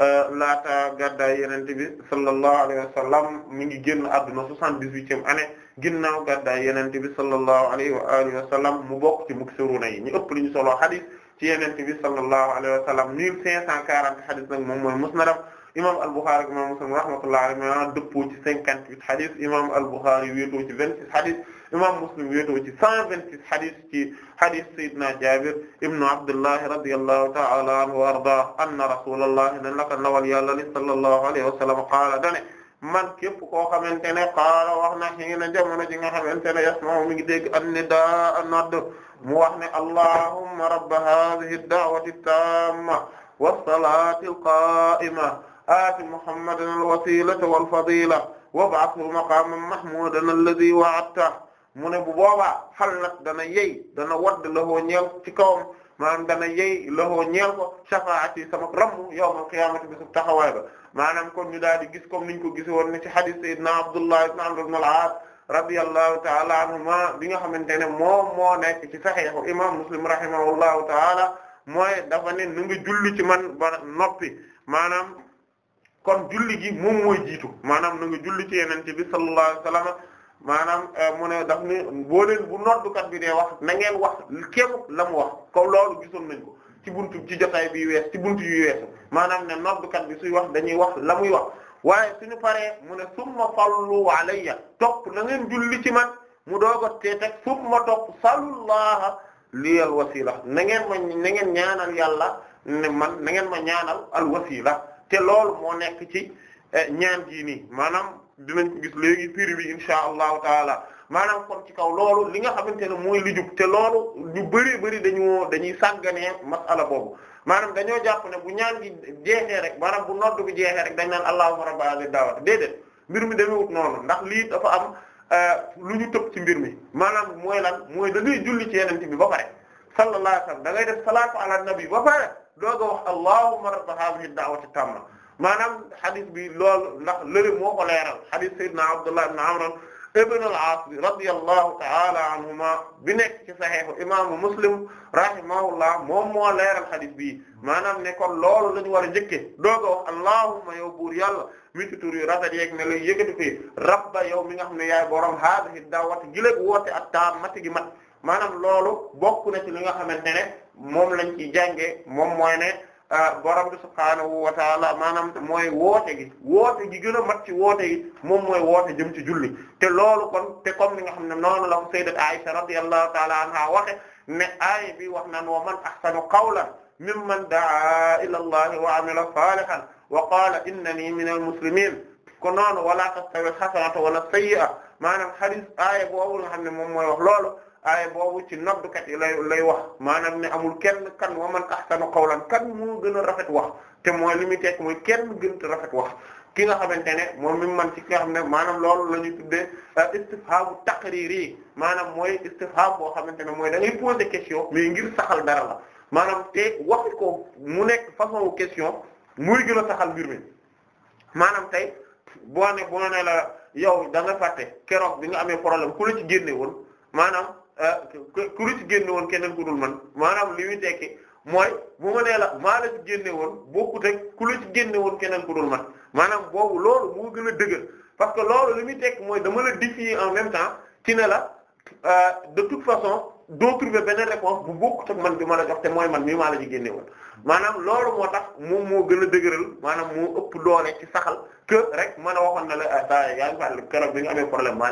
euh, laata gàddaay yenente bi sallallahu alayhi wa sallam mi ngi génn adduna soixante-dix-huitième année ginnaaw gàddaay yenente bi sallallahu alayhi wa alihi wa sallam mu bokk ci muksiruna yi ñu ëpp li ñu soloo hadith ci yenente bi sallallahu alayhi wa sallam mille cinq cent quarante hadith nag moom mooy musnadam imam al-Bukhari ak imam Muslim rahmatullahi alayhi dëppoo ci cinquante-huit hadith imam al-Bukhari wéetoo ci imam Muslim wéetoo ci cent vingt-six hadith ci hadith sayyidina Jabir ibn Abdullah radiyallahu ta'ala anhu wa ardah anna rasulullah ne naka nawal yàlla li sallallahu alayhi wa sallam qaala dane man képp koo xamante ne qaala wax na xii na jamono ji nga xamante ne yasma'u mi ngi dégg an-nidaa nodd mu wax ne allahumma rabba hadhihi ad-da'wati at-tamma was-salati al-qa'ima aati muhammadan al-wasilata wal-fadila wab'athhu maqaman mahmudan alladhi wa'adtahu mu ne bu boobaa xallat dana yey dana wadd lahoo ñeel ci kawam maanaam dana yey lahoo ñeel ko shafaati sama ramm yawmal bi su taxawaay ba maanaam kon ñu daal di gis comme niñ ko gis woon ci hadith sayyidina Abdullah ibn Amr ibn al-As radiyallahu ta'ala anhuma bi nga xamante ne moom moo nekk ci saxiixu imam Muslim rahimahullahu ta'ala mooy dafa ne nu ngi julli ci man ba noppi maanaam kon julli gi moom mooy jiitu maanaam nu ngi julli ci yenente bi sallallahu maanaam euh, mu ne daf ni booleel bu noddukat bi dee wax na ngeen wax képp la mu wax ko loolu gisoon nañ ko ci buntu ci jotaay bi wees ci buntu yu weesu maanaam ne noddukat bi suy wax dañuy wax la muy wax waaye suñu paree mu ne summa sallu alayya topp na ngeen julli ci man mu doog a tee teg summa topp sallallaha liyal wasila na ngeen ma na ngeen ñaanal yàlla ne man na ngeen ma ñaanal al wasila te loolu moo nekk ci euh, ñaan jii nii maanaam dinañ ko gis léegi firi bi insha allahu taala maanaam kon ci kaw loolu li nga xamante ne mooy li jub te loolu ñu bëri bëri dañoo dañuy sàgganee masala boobu maanaam dañoo jàpp ne bu ñaan gi jeexee rek maanaam bu nodd bi jeexee rek dañ naan allahumma rabba hadhihi da'wat déedéet mbir mi demewut noonu ndax lii dafa am euh, lu ñu tëb ci mbir mi maanaam mooy lan mooy da ngay julli ci yenente bi ba pare sallallahu alayhi wasallam da ngay def salaatu ala nabi ba pare dooga wax allahumma rabba hadhihi da'wati tamma maanaam xadis bi lool ndax lëri moo ko leeral xadis sayyidina Abdullah ibn Amr ibn al-As bi radiyallahu ta'ala anhuma bi nekk ci saxiixu imaamu Muslim rahimahullah moom moo leeral xadis bi maanaam ne kon loolu la ñu war a njëkke dooga wax allahumma yow buur yàlla mi ci tur yu rafet yeeg ne lay yëkkati fi rabba yow mi nga xam ne yaay borom haadihi da'wati giléeg woote ak taam mati gi mat maanaam loolu bokk na ci li nga xamante ne moom lañ ci jànge moom mooy ne Ah, borom bi subhaanahu wa taala maanaam mooy woote gi woote gi gën a mat ci woote yi moom jëm ci julli te loolu kon te comme ni nga xam ne noonu la ko sayyidat Aisha radiyallahu taala anha waxe ne aaya bi wax wa man ahsanu qawlan mimman daa ila allahi wa amila salihan wa qaala innani min al muslimin ko noonu wala tastawi al hasanatu wala sayyi'a maanaam hadith aaya boobu nga xam ne moom mooy loolu aaya boobu ci noddukat yi lay lay wax maanaam ne amul kenn kan wa man ahsanu qawlan kan moo gën a rafet wax te mooy li muy tekk mooy kenn gën a rafet wax ki nga xamante ne moom mi man ci ki nga xam ne maanaam loolu la ñuy tuddee euh, istifhaamu taqriri maanaam mooy istifhaam boo xamante ne mooy da ngay poser question mais ngir saxal dara la maanaam te waxi ko mu nekk façon question muy gën a saxal mbir mi maanaam tey boo ne boo ne la yow da nga fàtte keroog bi nga amee problème ku la ci Euh, ku lu ci génne woon keneen ku dul man maanaam li muy tekki mooy bu ma nee la maa la ci génne woon bokkut ak ku lu ci génne woon keneen ku dul man maanaam boobu loolu moo gën a dëgër parce que loolu li muy tekki mooy dama la défier en même temps ci ne la euh, de toute façon doo trouver benn réponse bu bokkut ak man bi ma la jox te mooy man mii maa la ci génne woon maanaam loolu moo tax moom moo gën a dëgëral maanaam moo ëpp doole ci saxal que rek man a waxoon na la ah euh, saa yaa ngi fàttali keroog bi nga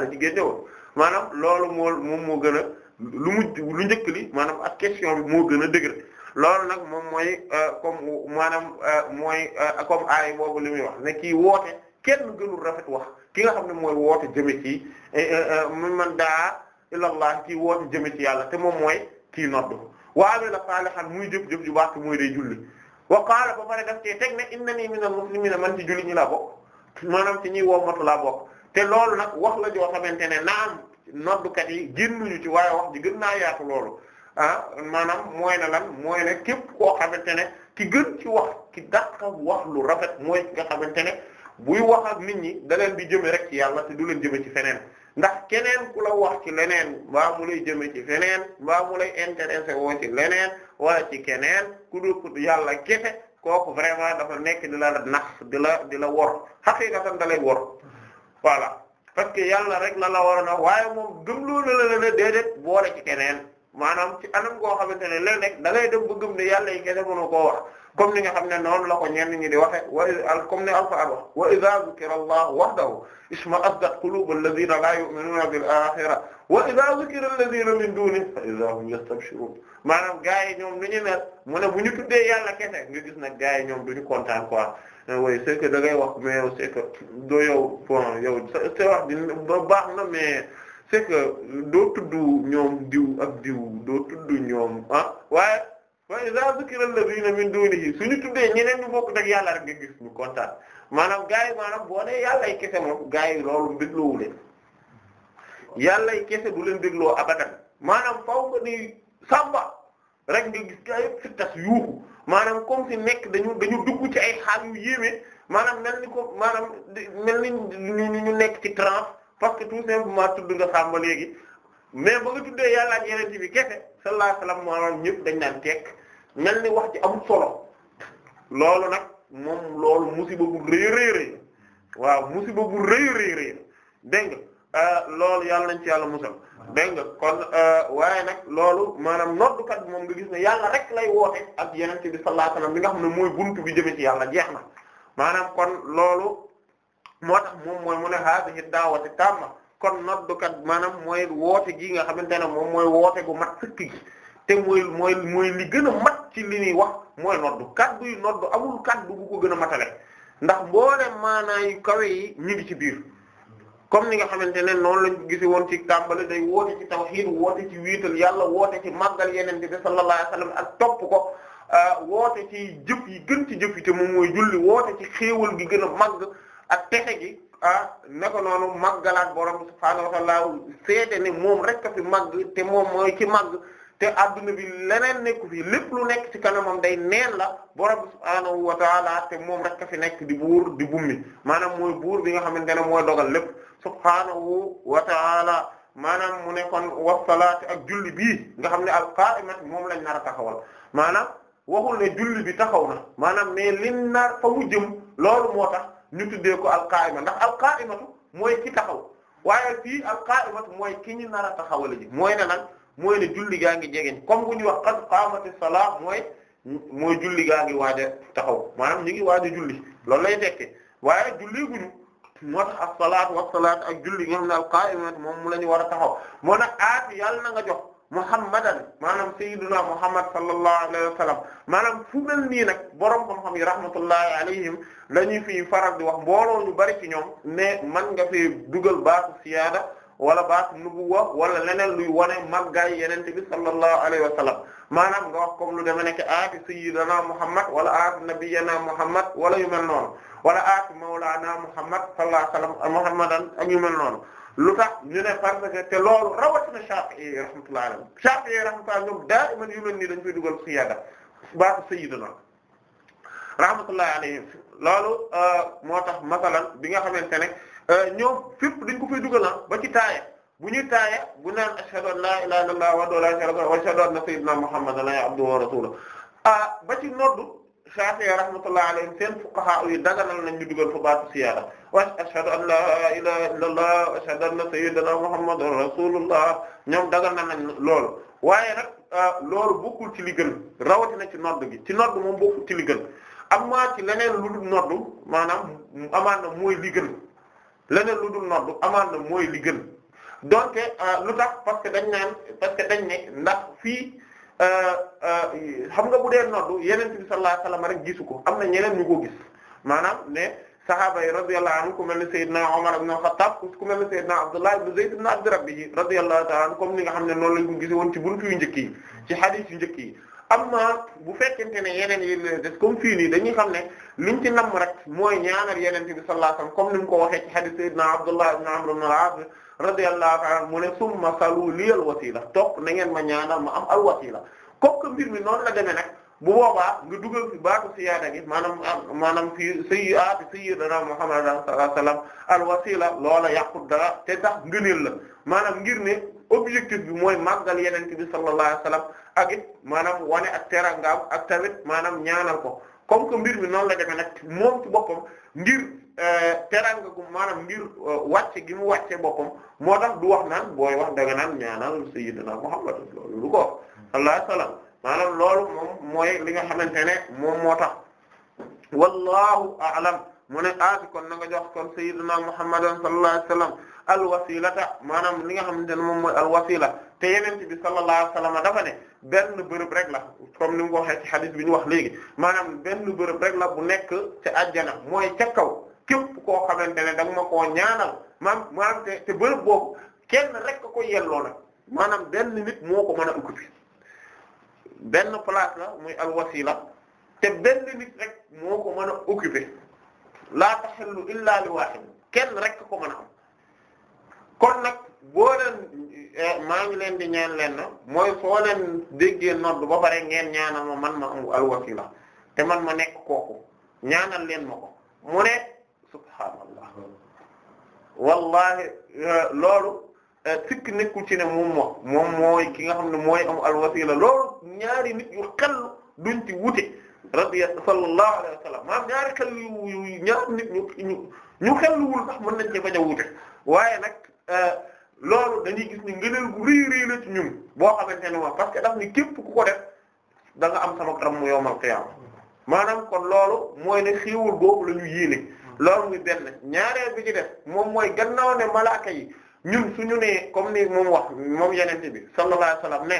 la ci génne woon maanaam loolu moo moom moo gën a lu mujj lu njëkk li maanaam ak question bi moo gën a dëgër loolu nag moom mooy euh, comme maanaam euh, mooy euh, comme aay boobu li muy wax ne kii woote kenn gënu rafet wax ki nga xam ne mooy woote jëme ci eh, eh, eh, man daa ilallah kii woote jëme ci yàlla te moom mooy kii noddu wa amila xam muy jëf-jëf ju baax te mooy day julli wa qaala ba pare daf tee teg ne innanii minal a man ci julli ñi laa bokk maanaam ci ñuy woo matu laa bokk te loolu nag wax la joo xamante ne naam noddukat yi génnuñu ci waaye wax ji gën naa yaatu loolu ah maanaam mooy na lan mooy ne képp koo xamante ne ki gën ci wax ki dàqa wax lu rafet mooy ki nga xamante ne buy wax ak nit ñi da leen di jëme rek ci yàlla te du leen jëmee ci feneen ndax keneen ku la wax ci leneen mbaa mu lay jëme ci feneen mbaa mu lay intéressé woo ci leneen wala ci keneen ku dul ku yàlla kese kooku vraiment dafa nekk di la nax di la di la wor xaqiqatan da lay wor voilà parce que yàlla rek la la waroon a waaye moom gëmloo la la la déedéet boole ci keneen maanaam ci anam goo xamante ne léeg-léeg da ngay dem ba gëm ne yàlla yi kese mënu koo wax comme ni nga xam ne noonu la ko ñenn ñi di waxe wa comme ni alquran wax wa idha dhukira allah wahdahu ishma'azzat qulubu alladhina la yu'minuna bil akhirah wa idha dhukira alladhina min dunihi fa idha hum yastabshirun maanaam gaa yi ñoom nu ñu mel mu ne bu ñu tuddee yàlla kese ngi gis nag gaa yi ñoom duñu kontaan quoi ah oui c'est que da ngay wax mais yow c'est que doo yow bon yow sa wax di baax na mais c'est que doo tudd ñoom diw ak diw doo tudd ñoom ah waaye wa iza zukira alladhina min dunihi suñu tuddee ñeneen ñu bokk ak yàlla rek nga gis kontaan maanaam gars yi maanaam boo nee yàlla ay kese moom gars yi loolu dégloowu yàlla ay du leen dégloo abadan maanaam faw nga ni sàmba rek nga gis gars yëpp fi maanaam comme nekk dañu dañu dugg ci ay xaal yu yéeme maanaam mel ni ko maanaam mel ni ñu nekk ci transe parce que tout simplement tudd nga sàmba léegi mais ba nga tuddee yàlla ak yeneen bi kese sallallahu alayhi wasallam maanaam ñëpp dañ naan tekk mel ni wax ci amul solo loolu nag moom loolu musiba bu rëy rëy rëy waaw musiba bu rëy dégg nga euh, loolu yàlla nañ ci yàlla musal dégg nga kon euh, waaye nag loolu maanaam noddukat bi moom nga gis na yàlla rek lay woote ak yenente bi sallallahu alayhi wasallam bi nga xam ne mooy buntu bi jëmee ci yàlla jeex na maanaam kon loolu moo tax moom mooy mu ne haadihi daawati tamma kon noddukat maanaam mooy woote gi nga xamante ne moom mooy woote gu mat sëkk gi te mooy mooy mooy li gën a mat ci li ñuy wax mooy noddu kaddu yu noddu amul kaddu bu ko gën a matale ndax mboolem maanaa yu kawe yi ñu ci biir comme ni nga xamante ne noonu lañ ko woon ci tàmbali day woote ci tawhid woote ci wiital yàlla woote ci màggal yeneen bi sallallahu alayhi wasallam ak topp ko euh, woote ci jëf yi gën ci jëf yi te moom mooy julli woote ci xéewal gi gën a màgg ak texe gi ah naka noonu màggalaat borom subhaanahu wa seete ne moom rek a màgg te moom ci màgg te adduna bi leneen nekku fi lépp lu nekk ci kanamam day neen la borom subhaanahu wa taala te moom rek ka fi nekk di buur di bummi maanaam mooy buur bi nga xamante ne mooy dogal lépp subhaanahu wa taala maanaam mu ne kon wasalaati ak julli bii nga xam ne alqaa'imat moom lañ nar a taxawal maanaam waxul ne julli bi taxaw na maanaam mais lin nar fa mu jëm loolu moo tax ñu tuddee ko alqaa'ima ndax alqaa'imatu mooy ki taxaw waaye fii alqaa'imatu mooy ki ñu nar a taxawal mooy ne mooy ne julli gaa ngi jegeñ comme bu ñuy wax qad qaamati salaat mooy mooy julli gaa ngi waaj taxaw maanaam ñu ngi waaj a julli loolu lay tekki waaye julli guñu moo tax as-salaatu was ak julli nga xam ne moom mu la ñu war a taxaw moo na aati yàlla na nga jox muhammadan maanaam sayyiduna muhammad sallallahu alayhi wa sallam maanaam fu mel nii nag borom xam-xam yi rahmatullahi alayhim la ñuy fi faral di wax mbooloo ñu bari ci ñoom ne man nga fi dugal baatu siyaada wala baat nubuwa wala leneen luy wane màggaay yeneen bi sallallahu alayhi wa sallam maanaam nga wax comme lu deme nekk aati sayyidina muhammad wala aati nabiyana muhammad wala yu mel noonu wala aati mawlana muhammad sallallahu alayhi wa sallam muhammadan ak yu mel noonu lu tax ñu ne parce que te loolu rawatina Shafi'i rahmatullahi alayhi Shafi'i rahmatullahi ñoom daa iman yu mel nii dañ koy dugal siyaada baatu sayyidina rahmatullahi alayhi loolu euh, moo tax masalan bi nga xamante ne Euh, ñoom fépp dañ ko fay dugal ah, ba ci taaya bu ñuy taaya bu naan ashhadu an la ilaha illallah wa la sharika lahu wa ashhadu anna sayyidina muhammadan abduhu ah, ba ci noddu Shafi'i rahmatullah alayhim seen fuqaha yi daganal nañ ñu dugal fa baatu siyaada wa ashhadu an la ilaha illallah wa ashhadu anna sayyidina muhammadan rasulullah ñoom daganal nañ loolu waaye nag ah, lool bokkul ci li gën rawatina ci nodd gi ci nodd moom bokkul ci li gën am ci leneen lu dul nodd amaan na mooy li leneen lu dul noddu amaan na mooy li gën donc euh, lu tax parce que dañ naan parce que dañ ne ndax fii euh, euh, xam nga bu dee noddu yeneen bi sallallahu alayhi rek gisu ko am na ñeneen ñu ko gis maanaam ne sahaaba yi radiyallahu anhu ku mel ne Seydina Omar ibn Khattab ku mel ne Seydina Abdullah ibn Zayd ibn Abd Rabbi radiyallahu ta'ala anhu comme ni nga xam ne noonu lañ ko gise woon ci buntu yu njëkk yi ci hadith yu njëkk yi amma bu fekkente ne yeneen yi la des comme fii nii dañuy xam ne liñ ci namm rek mooy ñaanal yeneen bi sallallahu alayhi wasallam comme ni mu ko waxee ci hadith sayyidina Abdullah ibn Amr ibn al-As radiyallahu ta'ala mu ne summa salu liyal wasila topp na ngeen ma ñaanal ma am al wasila kooku mbir mi noonu la demee nag bu boobaa nga dugal fi baatu siyaada gi maanaam maanaam fii sayyi'aati sayyidina Muhammad sallallahu alayhi wasallam al wasila loola yàqu dara te tax ngëneel la maanaam ngir ne. objectif bi mooy màggal yeneen bi sallallahu alayhi wa sallam ak wane ak terangaam ak tamit maanaam ñaanal ko comme que mbir mi noonu la demee nag moom ci boppam ngir euh, teranga gu maanaam ngir euh, wàcce gi mu wàcce boppam moo tax du wax naan booy wax da nga naan ñaanal sayyidina Muhammad loolu ko sallallahu alayhi wa loolu moom mooy li nga xamante ne moom moo tax wallahu a'lam moo ne aati ah, kon na jox kon sayyidina Muhammadan sallallahu alayhi alwasilata maanaam li nga xamante ne moom mooy alwasila te yenente bi sallallahu alayhi wasallam dafa ne benn bërëb rek la comme ni mu waxee ci hadith bi ñu wax léegi maanaam benn bërëb rek la bu nekk ca àjjana mooy ca kaw képp koo xamante ne da nga ma koo ñaanal maam maanaam te te bërëb boobu kenn rek ko yelloo nag maanaam benn nit moo ko mën a occuper benn place la muy alwasila te benn nit rek moo ko mën a occuper laa taxillu illaa li waahid kenn rek ko mën a am kon nag boo leen eh, maa ngi leen di ñaan leen na mooy soo leen déggee nodd ba pare ngeen ñaanal ma man ma am alwasila te man ma nekk kooku ñaanal leen ma ko mu ne subhaanallah wallahi eh, loolu eh, sikk nekkul ci ne moom mooy ki nga xam ne mooy am al alwasila loolu ñaari nit yu xel duñ ci wute radiya sallallahu alayhi wa maam ñaari xel yu ñaar nit ñu ñu ñu nañ ci bañ a wute waaye nag Euh, loolu dañuy gis ni ngëneel gu rëy la ñun boo xamante ne moom parce que daf ni képp ku ko de danga nga am sama ram mu yowmal qiyaama maanaam kon loolu mooy ne xéewul boobu la ñu yéene loolu muy benn ñaaree bi ci def moom mooy gannaaw ne malaaka yi ñun suñu nee comme ni moom wax moom yeneen bi sallallahu alayhi wasallam ne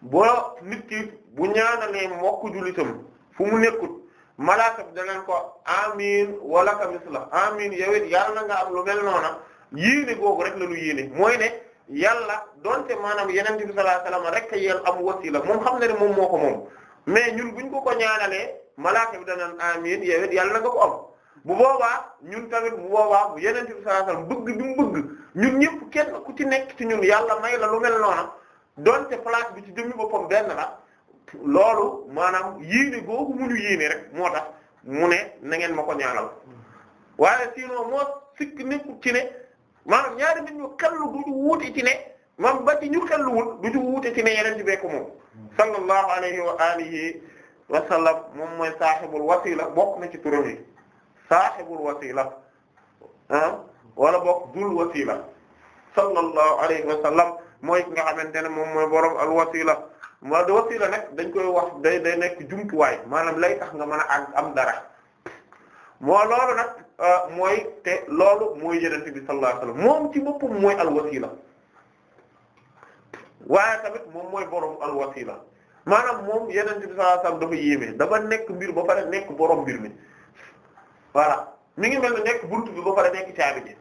boo nit ki bu ñaanalee mokk jullitam fu mu nekkut malaaka bi daneen ko amin walaka misla amin yowit yàlla na nga am lu mel noona yéene googu rek la ñu yéene mooy ne yàlla donte maanaam yeneen bi sallallahu alayhi wasallam rek a yel am wasila moom xam na ne moom moo ko moom mais ñun buñ ko ko ñaanalee malaaka bi danaan amiin yow it yàlla na nga ko am bu boobaa ñun tamit bu boobaa bu yeneen bi sallallahu alayhi bëgg bi mu bëgg ñun ñëpp kenn ku ci nekk ci ñun yàlla may la lu mel noona donte place bi ci jëmmi boppam benn la loolu maanaam yéene googu mu ñu yéene rek moo tax mu ne nangeen ma ko ñaanal waaye ci ne. maanaam ñaari nit ñu xellu du ñu wuute ci ne maam ba ci ñu xelluwul du ñu wuute ci ne yeneen ci bekk moom sallallahu alayhi wa alihi wa sallam moom mooy saaxibul wasila bokk na ci turam yi saaxibul wasila ah wala bokk dul wasila sallallahu alayhi wa sallam mooy ki nga xamante ne moom mooy borom al wasila ma de wasila nag dañ koy wax day day nekk jumtuwaay maanaam lay tax nga mën a am dara moo loolu nag Euh, mooy te loolu mooy yenente bi sallallahu ci boppam mooy alwasila waaye tamit moom mooy borom alwasila maanaam moom yenente bi sallallahu alayhi dafa yéeme dafa nekk mbir ba pare nekk borom mbir mi voilà mi ngi mel ne nekk buntu bi ba pare nekk caabi ji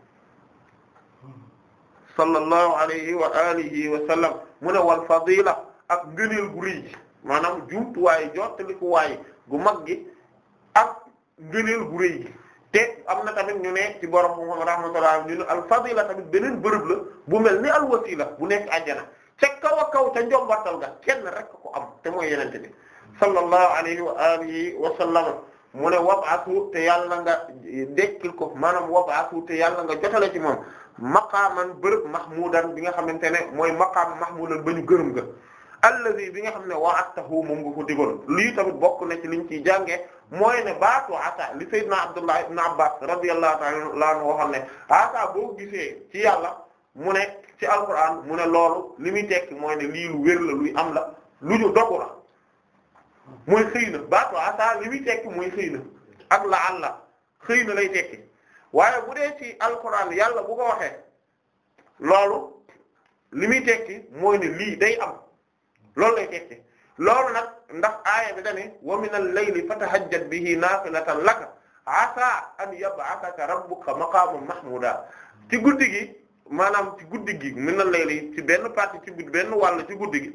sallallahu alayhi wa alihi wa mu ne wal fadila ak ngëneel gu rëy ji maanaam jumtuwaay jottali gu mag gi ak ngëneel gu rëy gi te am na tamit ñu ne ci borom moom rahmatullah ñu ne al fadila tamit beneen bërëb la bu mel ni al wasila bu nekk àjjana te kaw a kaw te njombatal ga kenn rek ko am te mooy yenente bi sallallahu alayhi wa alihi wa sallam mu ne wab'asu te yàlla nga dekkil ko maanaam wab'asu te yàlla nga jotale ci moom maqaaman bërëb mahmuudan bi nga xamante ne mooy maqaam mahmuudan ba ñu gërëm ga allazi bi nga xam ne wa'adtahu moom nga ko digoon lii tamit bokk na ci liñ ciy jàngee mooy ne baatu ata li sayyidna Abdullah ibn Abbas radiyallahu ta'ala anhu waxoon ne ata boo gisee ci yàlla mu ne ci alquran mu ne loolu li muy tekki mooy ne lii lu wér la luy am la lu ñu dogu la mooy xëy na baatu ata li muy tekki mooy xëy na ak la àlla xëy na lay tekki waaye bu dee ci alquran yàlla bu ko waxee loolu li muy tekki mooy ne lii day am loolu lay tekki loolu nag ndax aaya bi dane wa min al-layli fatahajjad bihi naafilatan laka asa an yab'athaka rabbuka maqaaman mahmuuda ci guddi gi maanaam ci guddi gi min al-layli ci benn partie ci guddi benn wàll ci guddi gi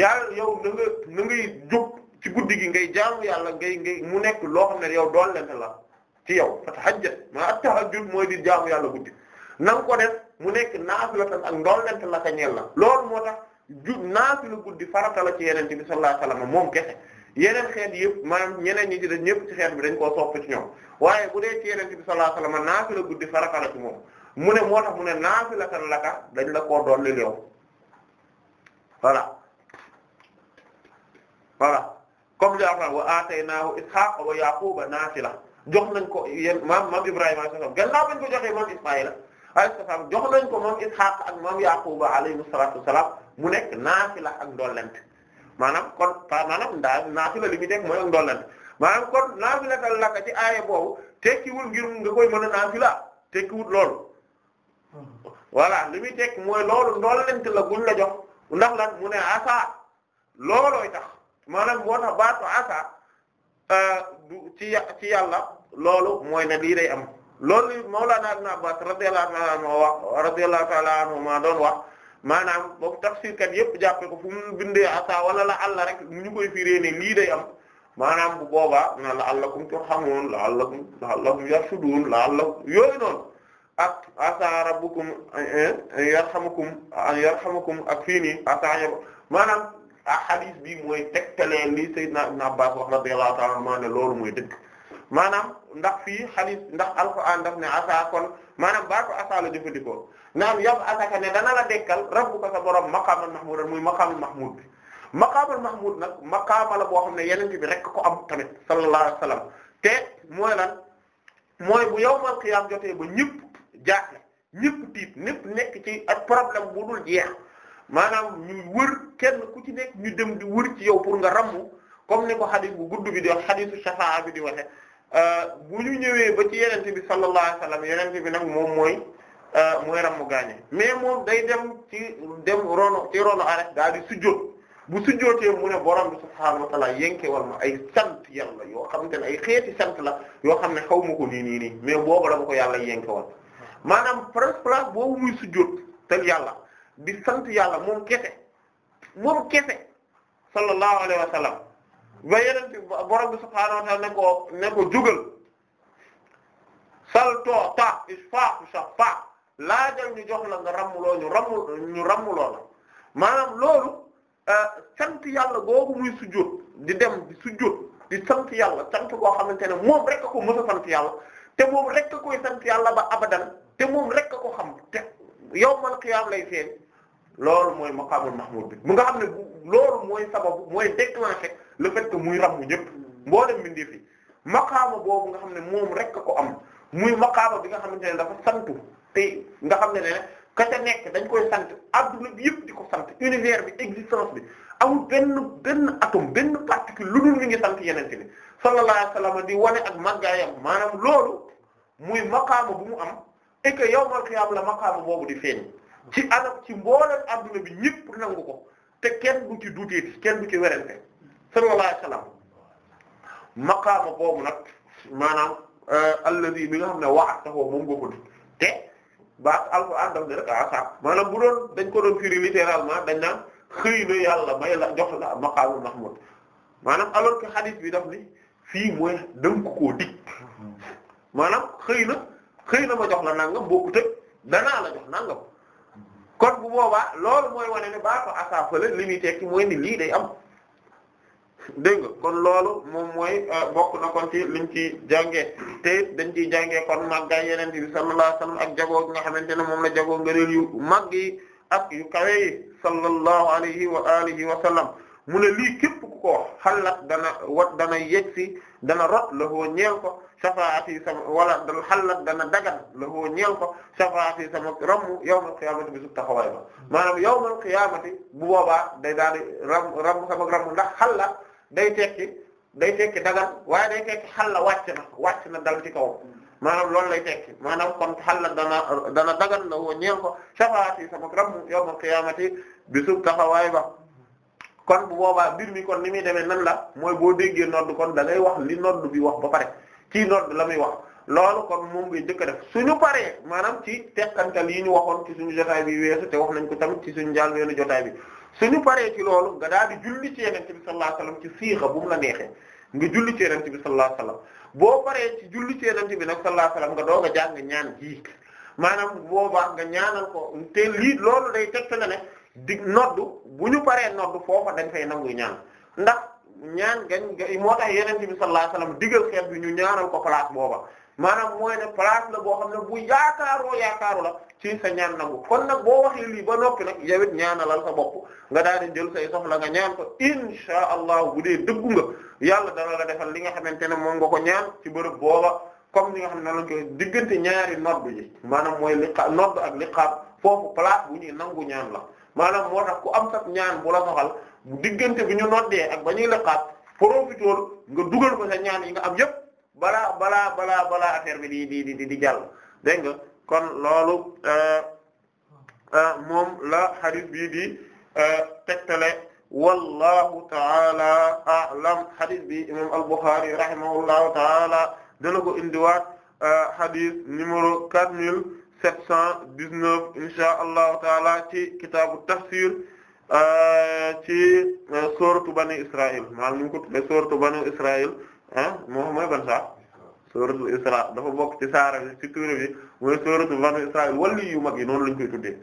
yàlla yow na nga na ngay jóg ci guddi gi ngay jaamu yàlla ngay ngay mu nekk loo xam ne yow doon lente la ci yow fatahajjad ma at-tahajjud mooy di jaamu yàlla guddi nang nga ko def mu nekk naafilatan ak doon lente la ka la loolu moo tax ju naafilu guddi farata la ci yeneen bi sallallahu alayhi wasallam moom kese yeneen xeet yëpp maanaam ñeneen ñi ci dañ ñëpp ci xeet bi dañ koo sopp ci ñoom waaye bu dee ci yeneen bi sallallahu alayhi wasallam naafilu guddi farata la ci moom mu ne moo tax mu ne naafilatan laka dañ la koo doon li yow voilà voilà comme li Alxuraan wa aataynaahu Isxaaqa wa Yaaquuba naafila jox nañ ko yéen maam maam Ibrahima alayhi salaam gannaaw bañ ko joxee maam Ismaayila alayhi salaam jox nañ ko maam Isxaaq ak maam Yaaquuba alayhi salaatu mu nekk naafila ak ndollent maanaam kon maanaam daal naafila li muy nekk mooy ak ndollent maanaam kon naafila tal laka ci aaya boobu tekkiwul ngir nga koy mën a naafila tekkiwul loolu voilà li muy tekk mooy loolu ndollent la buñ la jox ndax lan mu ne asa loolooy tax maanaam moo tax baatu asa euh, ci ci yàlla loolu mooy ne lii day am loolu Mawlana Ibn Abbas naa anhu radiyallahu ta'ala ma doon wax maanaam boobu tafsirkat yëpp jàppe ko fu mu bindee asa wala la allah rek mu ñu koy firée ne lii day am maanaam bu boobaa na la la allakum turhamun la allakum la allakum yarshudun la allakum yooyu noonu ak asa rabbukum eh, eh, yarhamukum ah, yarhamukum ak fii nii asa yab maanaam ah hadith bi mooy tegtalee lii sayyidna ibn abbas wax radiyallahu ta'ala anhu ne loolu mooy dëgg maanaam ndax fii xadis ndax alquran daf ne asa kon maanaam baatu asa la jëfandikoo naam yab asaka ne dana la dekkal rabbuka sa borom maqaaman mahmuudan muy maqaamul mahmuud bi maqaamal mahmuud nag maqaama la boo xam ne yeneen bi rek ko am tamit sallallahu alayhi wa sallam te mooy lan mooy bu yawmal qiyaam jotee ba ñëpp jaaxle ñëpp tiit ñëpp nekk ci ak problème bu dul jeex maanaam ñu wër kenn ku ci nekk ñu dem di wër ci yow pour nga rammu comme ni ko xadis gudd bi di bi di waxe Euh, bu ñu ñëwee ba ci yenente bi sallallahu alayhi wasallam yenente bi nag moom mooy euh, mooy ram gaañe mais moom day dem ci dem rono ci rono arrêt daal di sujjóot bu sujjóotee mu ne borom bi subhaanahu wa taala yénkewal ma ay sant yàlla yoo xam te ne ay xeeti sant la yoo xam ne xaw ma ko nii nii nii mais boobu la ma ko yàlla yénkewal maanaam presque place boobu muy tel yàlla di sant yàlla moom kese moom kese sallallahu alayhi wa ba yeneen bi borom bi subhaanahu wa ta'aala ne ko ne ko jugal sal too ta isfaq shafaq laajal ñu jox la nga ramuloo ñu ramul ñu ramuloo la maanaam loolu euh, sant yàlla googu muy sujjóot di dem di sujjóot di sant yàlla sant koo xamante ne moom rek a ko mës a sant yàlla te moom rek koy sant yàlla ba abadan te moom rek a ko xam te yawmal qiyaam lay feeñ loolu mooy maqaamul mahmud bi mu nga xam ne loolu mooy sababu mooy déclencher le fait que muy ramu ñëpp mboolem bindee fi maqaama boobu nga xam ne moom rek ko am muy maqaama bi nga xamante ne dafa santu te nga xam ne ne ka nekk dañ koy sant adduna bi yëpp di ko sant univers bi existence bi amul benn benn atome benn particule lu dul mi ngi sant yenente bi sallallahu alayhi wasallam di wane ak màggaayam maanaam loolu muy maqaama bu mu am et que yawmal qiyaam la boobu di feeñ ci anam ci mboolem àdduna bi ñëpp nangu ko te kenn du ci duuteeti kenn bu ci werante sallallahu alayhi wasallam maqaama boobu nag maanaam euh, alladhi bi nga xam ne wa'atahu moom nga ko te ba alquran daf ne rek ah, dañ ko doon firi littéralement dañ naan xëy yàlla may la jox la maqaamu maanaam alors que hadith bi ni fii mooy dënk koo dig mm-hmm. maanaam xëy na xëy na ma jox la nangam bokkut ak danaa la jox nangam kon bu boobaa loolu mooy wane ne baatu asaa fële li muy tekki mooy ni lii day am dégg nga kon loolu moom mooy euh, bokk na kon ci liñ ci jàngee te dañ ciy jàngee kon màggaay yeneen bi sallallahu alayhi ak jagoo gi nga xamante ne moom la jagoo ngëneel yu màgg yi ak yu kawe yi sallallahu alayhi wa alihi wa sallam mu ne lii képp ko xalaat dana wat dana yegg si dana rot la woo ñeel ko. safaati sama wala dal xallat dana dagan la hoo ñeel ko safaati sama ramm yawmal qiyaamati bi sub taxawaay ba maanaam yawmal qiyaamati bu boobaa day daal di ram ramm sama ramm ndax day tekki day tekki dagan waaye day tekki xalla wàcc wàcc na dal ci kaw maanaam loolu lay tekki maanaam kon xalla dana dana dagan la hoo ko safaati sama ramm yawmal qiyaamati bi sub taxawaay ba kon bu boobaa mbir mi kon ni muy demee nan la mooy boo déggee nodd kon da ngay wax li nodd bi wax ba pare kii nodd la muy wax loolu kon moom ngay jëkk def ñu paree maanaam ci teqantal yi ñu waxoon ci suñu jotaay bi weesu te wax nañ ko tamit ci suñu njaal weenu jotaay bi suñu paree ci loolu nga daal di julli ci yenente bi sallallahu alayhi wasallam ci siixa bu la neexee nga julli ci yenente bi sallallahu alayhi wasallam boo paree ci julli ci bi nag sallallahu alayhi wasallam nga doog a jàng ñaan ji maanaam boobaa nga ñaanal ko te lii loolu day teg na ne di noddu bu ñu paree noddu foofa dañ fay nangu ñaan ndax ñaan ga moo tax yeneen bi sallallahu alayhi wasallam digal xeet bi ñu ñaanal ko place booba maanaam mooy ne la boo xam ne bu yaakaaroo yaakaaru la ci sa ñaan nangu kon nag boo waxee lii ba noppi nag yow it ñaanalal sa bopp nga daal di jël say soxla nga ñaan ko insha allahu bu dee dëggu nga yàlla dana la defal li nga xamante ne moom nga ko ñaan ci bërëb booba comme li nga xam ne noonu ko diggante ñaari nodd yi maanaam mooy liqa nodd ak liqaab foofu place bu ñuy nangu ñaan la maanaam moo tax ku am sax ñaan bu la soxal diggante bi ñu noddee ak ba ñuy lëqaat profitool nga dugal ko sa ñaan nga am yëpp balaa bala balaa balaa affaire bi di di di di jàll dégg nga kon loolu euh, euh, moom la hadith bii di euh, tegtale wallahu taala a'lam hadith bi imam al-Bukhari rahimahullahu taala dana ko indiwaat hadith numéro quatre mille sept cent dix-neuf taala ci kitaabu tafsir Euh, ci euh, sooratu bani Israël maanaam ñu ko tuddee sooratu bani Israël ah moom mooy ban saa sooratu Isra dafa bokk ci saara bi ci tuura bi mooy sooratu bani Israël wali yu mag yi noonu lañ koy tuddee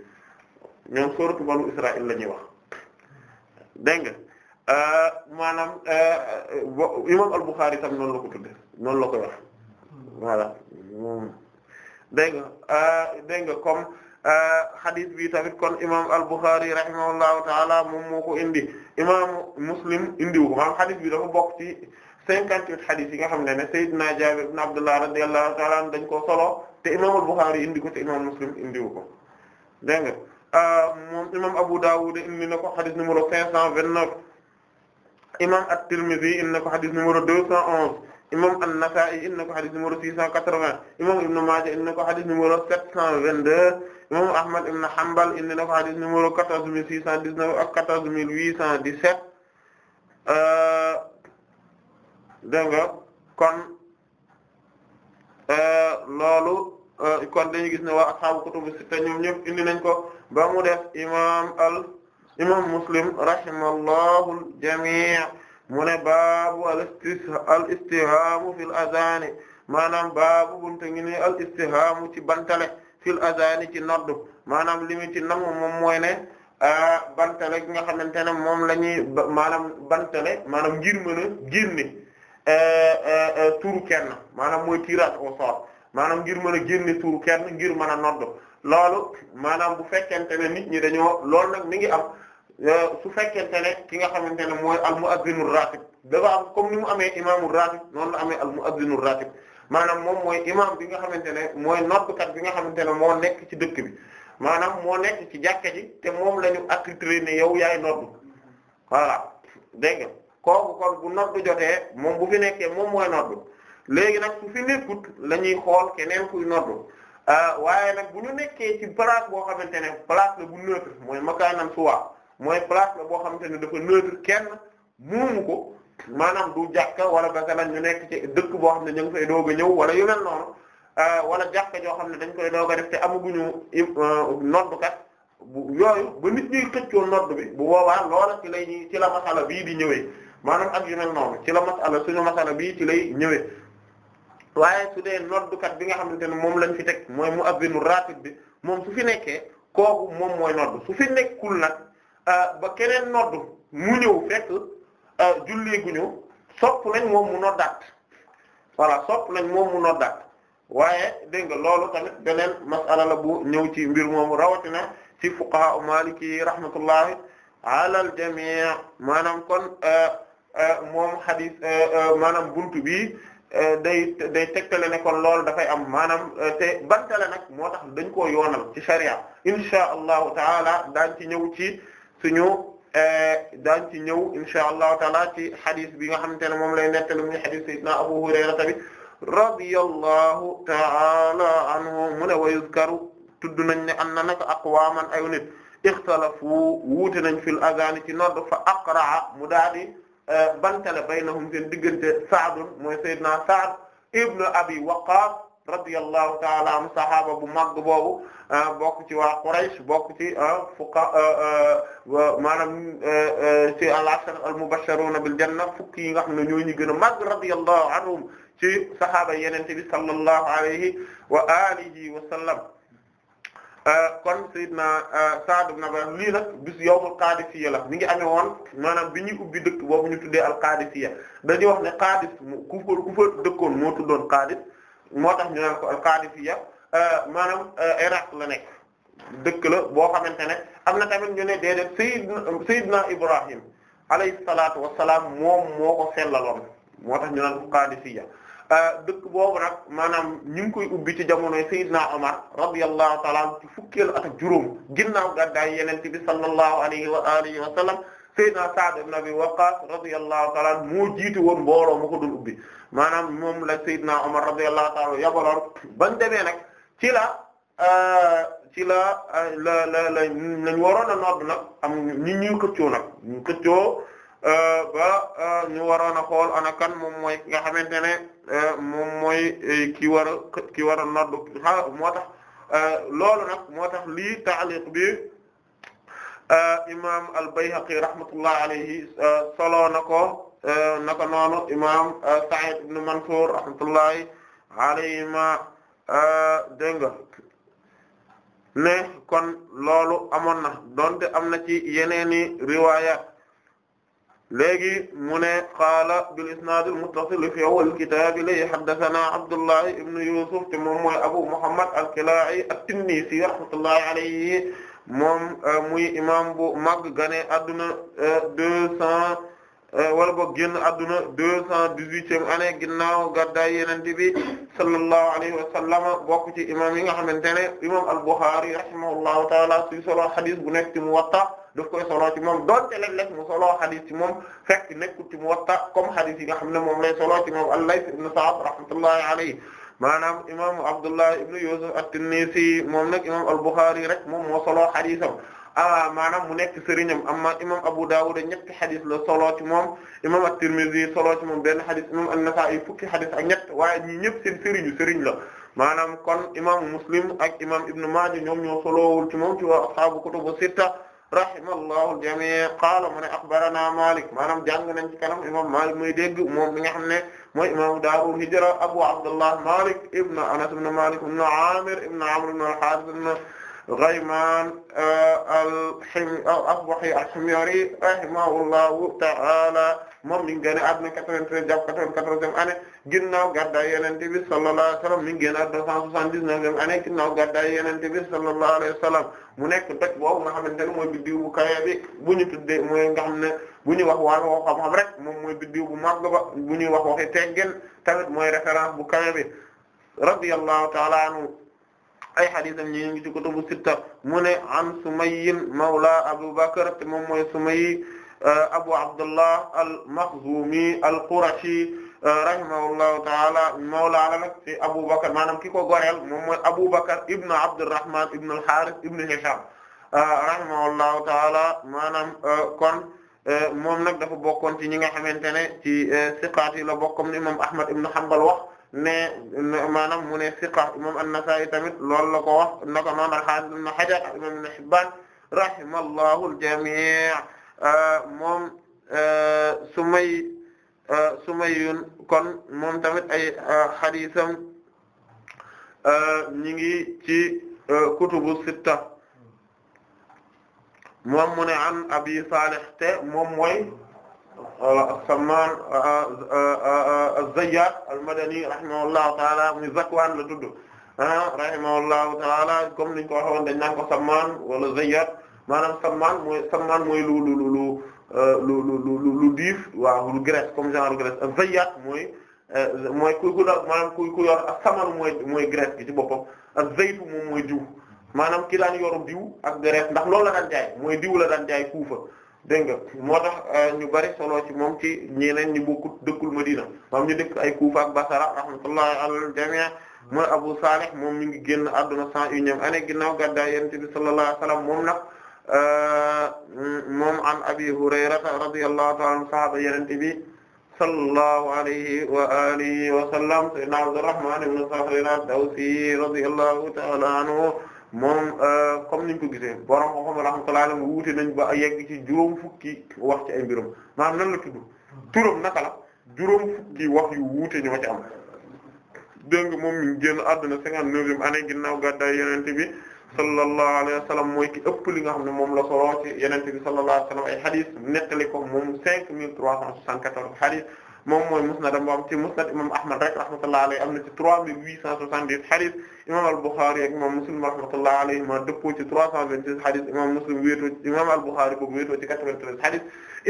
ñoom sooratu bani Israël la ñuy wax nga euh, maanaam bo imaam al-Bukhari tam noonu la ko tuddee noonu la koy wax voilà moom dégg xadis euh, bi tamit kon imam al-Bukhari rahimahullahu taala moom moo indi imam Muslim indiwu ko maanaam xadis bi dafa cinquante-huit xadis yi nga xam ne ne Seydina Jaabir ibn Abdullah radiyallahu taala dañ ko solo te imam al-Bukhari indi ko te imam Muslim indiwu ko euh, imam Abu Dawud indi na ko xadis numéro cinq cent vingt-neuf imam at-Tirmidhi indi na ko xadis numéro deux cent onze imam an-Nasa'i indi na ko xadis numéro 680 imam Ibn Maaja indi na ko xadis numéro 722 imam Ahmad ibn Hanbal indi na ko xadis numéro 14619 ak 14817 euh, dégg nga kon euh, loolu euh, kon dañu gis ne waa ashaabu kutubu sitta ñoom ñëpp indi nañ ko ba mu def imam al imam Muslim rahimahullahu al mu ne baabu al istihaamu fil azaani maanaam baabu buntu ngi ne al istihaamu ci bantale fil azaani ci nodd maanaam li mu ci nam moom mooy ne bantale gi nga xamante ne moom la ñuy maanaam bantale maanaam ngir mën a génne e, e, e, turu kenn maanaam mooy tirage au sort maanaam ngir mën a génne turu kenn ngir mën a loolu maanaam bu fekkente ne nit ñi dañoo lool nag mi ngi am su fekkente ne ki nga xamante ne mooy al muazzinu ratib dafa am comme ni mu amee imaamu ratib noonu la amee al muazzinu ratib maanaam moom mooy imaam bi nga xamante ne mooy noddkat bi nga xamante ne moo nekk ci dëkk bi maanaam moo nekk ci jàkka ji te moom la ñu attitré yow yaay noddu voilà dégg nga bu noddu jotee moom bu fi nekkee moom mooy noddu léegi nag su fi nekkut la ñuy xool keneen kuy noddu euh, waaye nag bu ñu nekkee ci place boo xamante ne place la bu neutre mooy makaanam suwa mooy place la boo xamante ne dafa neutre kenn muumu ko maanaam du jàkka wala basalan ñu nekk ci dëkk boo xam ne ñu ngi fay doog a ñëw wala yu mel noonu euh, wala jàkka joo xam ne dañ koy doog a def te amaguñu euh, noddkat bu yooyu ba nit ñuy bi bu boobaa loola ci lay ci la masala bii di ñëwee maanaam ak yu mel noonu ci la masala suñu masala bii ci lay ñëwee waaye su dee noddukat bi nga xamante ne moom lañ fi teg mooy mu abbinu ratib bi moom su fi nekkee kooku moom mooy nodd su fi nekkul nag Euh, ba keneen noddu mu ñëw fekk euh, julli gu ñëw sopp nañ moom mu noddaat voilà sopp nañ moom mu noddaat waaye dégg nga loolu tamit beneen masala la bu ñëw ci mbir moomu rawatina ci fuqaha maliki rahmatullahi ala al jami' maanaam kon euh, moom hadith maanaam buntu bi day day tegtale ne kon loolu dafay am maanaam te bantale nag moo tax dañ koo yoonal ci sharia insha allahu taala daan ci ñëw ci suñu eh, daañ ci ñëw insha allahu taala ci xadis bi nga xamante ne moom lay nettali muy xadis sayyidina Abu Hurayra tamit radiyallahu taala anhu mu ne wa yuzkaru tudd nañ ne am na naka aqwaman ay nit ixtalafu wuute nañ fil azaan ci nodd fa aqraa mu daal di eh, bantale baynahum seen diggante Sa'd mooy sayyidina Sa'd ibnu Abi Waqqas radiyallahu taala am sahaaba bu màgg boobu ah, bokk ci waa Quraysh bokk ci ah, fuqa ah, maanaam ci al-ashara al-mubashsharuna bil janna fukki yi nga xam ne ñoo ñu gën a màgg radiyallahu anhum ci sahaaba yenente bi sallallahu alayhi wa alihi wa sallam kon sayyidna Sa'd ibn Abi lii nag bis yawmul Qaadisiyya la mi ngi amee woon maanaam bi ñuy ubbi dëkk boobu ñu tuddee al-Qaadisiyya dañuy wax ne Qaadis ku fa ku fa dëkkoon moo tuddoon Qaadis moo tax ñu naan ko al-Qaadisiyya euh, maanaam euh, Iraq la nekk dëkk la boo xamante ne am na tamit ñu ne déedéet Seydina Seydina Ibrahim alayhi salaatu wa salaam moom moo ko sellaloon moo tax ñu naan ko Qaadisiyya euh, dëkk boobu nag maanaam ñu ngi koy ubbi ci jamonoy Seydina Omar radiyallahu ta'ala ci fukkeelu at ak juróom ginnaaw gàddaay Yonent bi sallallahu alayhi wa alihi wa Seydina Sa'd ibn Abi Waqqas radiyallahu ta'ala anhu moo jiitu woon mbooloo mu ko doon ubbi maanaam moom la Seydina Omar radiyallahu ta'ala yabaloon bañ demee nag ci la euh, ci la la la la lañ waroon a nodd nag am ñi ñu këccoo nag ñu këccoo euh, ba euh, ñu waroon a xool ana kan moom mooy nga xamante ne moom mooy ki war a ki war a nodd moo tax loolu nag moo tax lii taaliq bi imaam al-Bayhaqi rahmatullah alayhi solo na ko naka noonu imaam Sa'id ibn Mansur rahmatullahi alayhima dégg nga ne kon loolu amoon na donte am na ci yeneeni riwaayaat léegi mu ne qaala bil isnaad al muttasil fi awwal kitaab li haddathana Abdullah ibn Yusuf te moom mooy Abu Muhammad al-Kalaa'i at-Tinnisi rahmatullahi alayhi moom euh, muy imam bu mag gane adduna euh, deux cent euh, wala boog génn adduna deux cent dix-huitième année ginnaaw gaddaay yenente bi sallallahu alayhi wa sallam bokk ci imam yi nga xamante ne imam al-Bukhari rahimahullahu taala suy solo xadis bu nekk ci Muwatta daf koy solo ci moom donte léeg-léeg mu solo xadis ci moom fekk nekkul ci Muwatta comme xadis yi nga xam ne moom lay solo ci moom al-Layth rahmatullahi alayhi maanaam imaamu Abdullah ibnu Yusuf at-Tinnisi moom nag imaam al-Bukhari rek moom moo solo xadiisam ah maanaam mu nekk sëriñam amma imaam Abu Dawud ñetti xadis la solo ci moom imaam at-Tirmidhi solo ci moom benn xadis imaam an-Nasa'i fukki xadis ak ñett waaye ñi ñëpp seen sëriñu la maanaam kon imaamu Muslim ak imaam Ibn Maaja ñoom ñoo solowul ci moom ci waa ashaabu kutubu sitta rahimallahu jamii qaala mu ne axbarana Malik maanaam jàng nañ ci kanam imam Malik muy dégg moom mi nga xam ne mooy imam daarul hijra Abu Abdullah Malik ibn Anas ibn Malik ibn Amir ibn Amr ibn al-Harith ibn Ghayman uh, al-Himyari uh, al-Himyari rahimahullahu ta'ala moom mi ngi a àdduna 93 jàpp 94e année ginnaaw gàddaay Yonent bi sallallahu alayhi wa sallam mi ngi génn àdduna 179e année ginnaaw gàddaay Yonent bi sallallahu alayhi wa sallam mu nekk doj boobu nga xamante ne mooy biddiw bu kawe bi bu ñu tuddee mooy nga xam ne bu ñuy wax wàllu xam-xam rek moom mooy biddiw bu màgg ba bu ñuy wax waxi teggin tamit mooy référence bu kawe bi radiyallahu ta'ala anhu ay xadisam ñi ngi ci kutubu sitta mu ne an Sumayyin mawla Abu Bakr te moom mooy Sumayy Euh, Abu Abdullah al-Makhzumi al-Qurashi euh, rahimahullahu ta'ala mawla nag ci Abu Bakr maanaam ki ko goreel moom mooy Abu Bakr ibn Abdurrahman ibn al-Harith ibn Hisham euh, rahimahullahu ta'ala maanaam kon moom nag dafa bokkoon ci ñi nga xamante ne ci siqaat yi la bokkoon ni imam Ahmad ibn Hanbal wax ne maanaam mu ne siqa imam an-Nasa'i tamit loolu la ko wax naka noon al-Hafiz ibn Hajar imam Ibn Hibban rahimallahu al-jami' Euh, moom euh, Sumay euh, Sumayun kon moom tamit ay xadiisam ñi ngi ci kutubu sitta moom mu ne an abi salih te moom mooy Samman az-Zayyat al-Madani rahimahullahu taala muy Zakwan la tudd ah, rahimahullahu taala comme niñ ko waxoon dañ naan ko Samman wala Zayyat maanaam sammaan mooy sammaan mooy lu lu lu lu euh, lu lu lu diif waaw lu graisse comme genre graisse ak zayyat mooy euh, mooy ku ku da maanaam ku ku yor ak saman mooy mooy graisse gi ci boppam ak zaytu moom mooy diw maanaam ki daan yoru diw ak graisse ndax loolu la daan jaay mooy diw la daan jaay kuufa dégg nga moo tax euh, ñu bari solo ci moom ci ñeneen ñi bokkut dëkkul Madina moom ñu dëkk ay Kufa ak Basra rahmatullahi alal jamii mooy Abu Salih moom mi ngi génn àdduna cent unième année ginnaaw gàddaay Yonent bi sallallahu alayhi wasallam moom nag moom an abi hurayrata radiyallahu ta'ala anhu sahaba yenente bi sallallahu alayhi wa alihi wa sallam sayyidina Abdurrahman ibn Sakhr ad-Dawsi radiyallahu ta'ala anhu moom comme niñ ko gisee borom ko xam rahmatullahi alayhi wuute nañ ba yegg ci juróom fukki wax ci ay mbirum maanaam nan la tudd turam naka juróom fukki wax yu wuute ñoo ci am dégg nga moom na ngi génn àdduna cinquante-neuvième année ginnaaw gàddaay bi sallallahu alayhi wa sallam mooy ki ëpp li nga xam ne moom la solo ci yenente bi sallallahu alayhi wa sallam ay hadith nettali ko moom cinq mille trois cent soixante-quatorze hadith moom mooy musnadam boo am ci musnad imam ahmad rek rahmatullah alayhi am na ci trois mille huit cent soixante-dix hadith imam al-Bukhari ak imam muslim rahmatullah alayhi ma dëppoo ci trois cent vingt-six hadith imam muslim wéetoo imam al-Bukhari boobu wéetoo ci quatre-vingt-treize hadith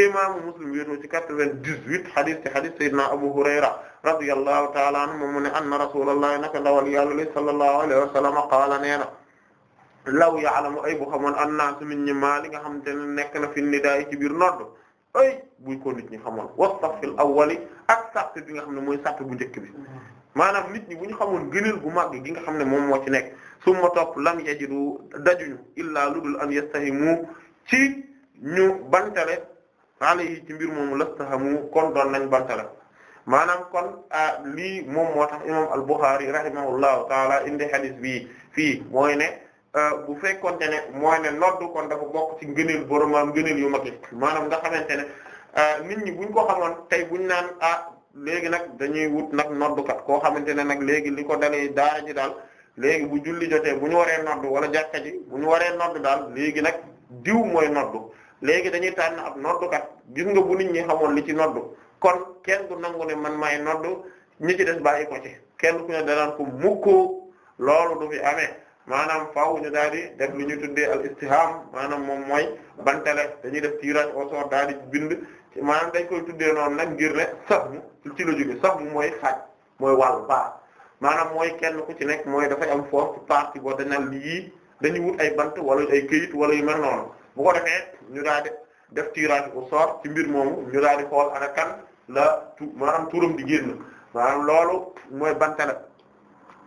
imam muslim wéetoo ci quatre-vingt-dix-huit hadith ci hadith sayyidina abu hurayra radiyallahu ta'ala anhu moom mu ne anna rasulullah naka ndawal yàlla sallallahu alayhi wa sallam qaala nee na law ya'lamu ay bu xamoon annaasu nit ñi maa li nga xam ne nekk na fi nidaay ci biir nodd ay buy ko nit ñi xamoon wastafil awwali ak sàtt bi nga xam ne mooy sàtt bu njëkk bi maanaam nit ñi bu ñu xamoon gëneel gu màgg gi nga xam ne moom moo ci nekk summa topp lam yajidu dajuñu illaa ludul an yastahimu ci ñu bantale yi ci mbir moomu lastahamu kon doon nañ bantale maanaam kon lii moom moo tax imam al-Bukhari rahimahullahu taala indi hadith bi fii mooy ne Euh, bu fekkonte ne mooy ne noddu kon dafa bokk ci ngëneel boromaam ngëneel yu mag maanaam nga xamante ne euh, nit ñi buñ ko xamoon tey bu ñu naan ah léegi nag dañuy wut nag noddukat koo xamante ne nag léegi li ko dalee daara daal léegi bu julli jotee bu ñu waree noddu wala jàkka ji bu ñu waree noddu daal léegi nag diw mooy noddu léegi dañuy tànn ab noddukat gis nga bu nit ñi xamoon li ci noddu kon kenn du nangu ne man maay noddu ñi ci des bàyyi ko ci kenn ku ne danaan ko mukkoo loolu du fi amee. maanaam faw ñu daal di def lu ñu tuddee al istiham maanaam moom mooy bantale dañuy def tirage au sort daal di bind maanaam dañ koy tuddee noonu nag ngir ne sax mu ci la jóge sax mu mooy xaaj mooy wàllu baax maanaam mooy kenn ku ci nekk mooy dafay am force partie boo dañ naan lii dañuy wut ay bant wala ay këyit wala yu mel noonu bu ko defee ñu daal def tirage au sort ci mbir moomu ñu daal di xool ana kan la tu maanaam turam di génn maanaam loolu mooy bantale.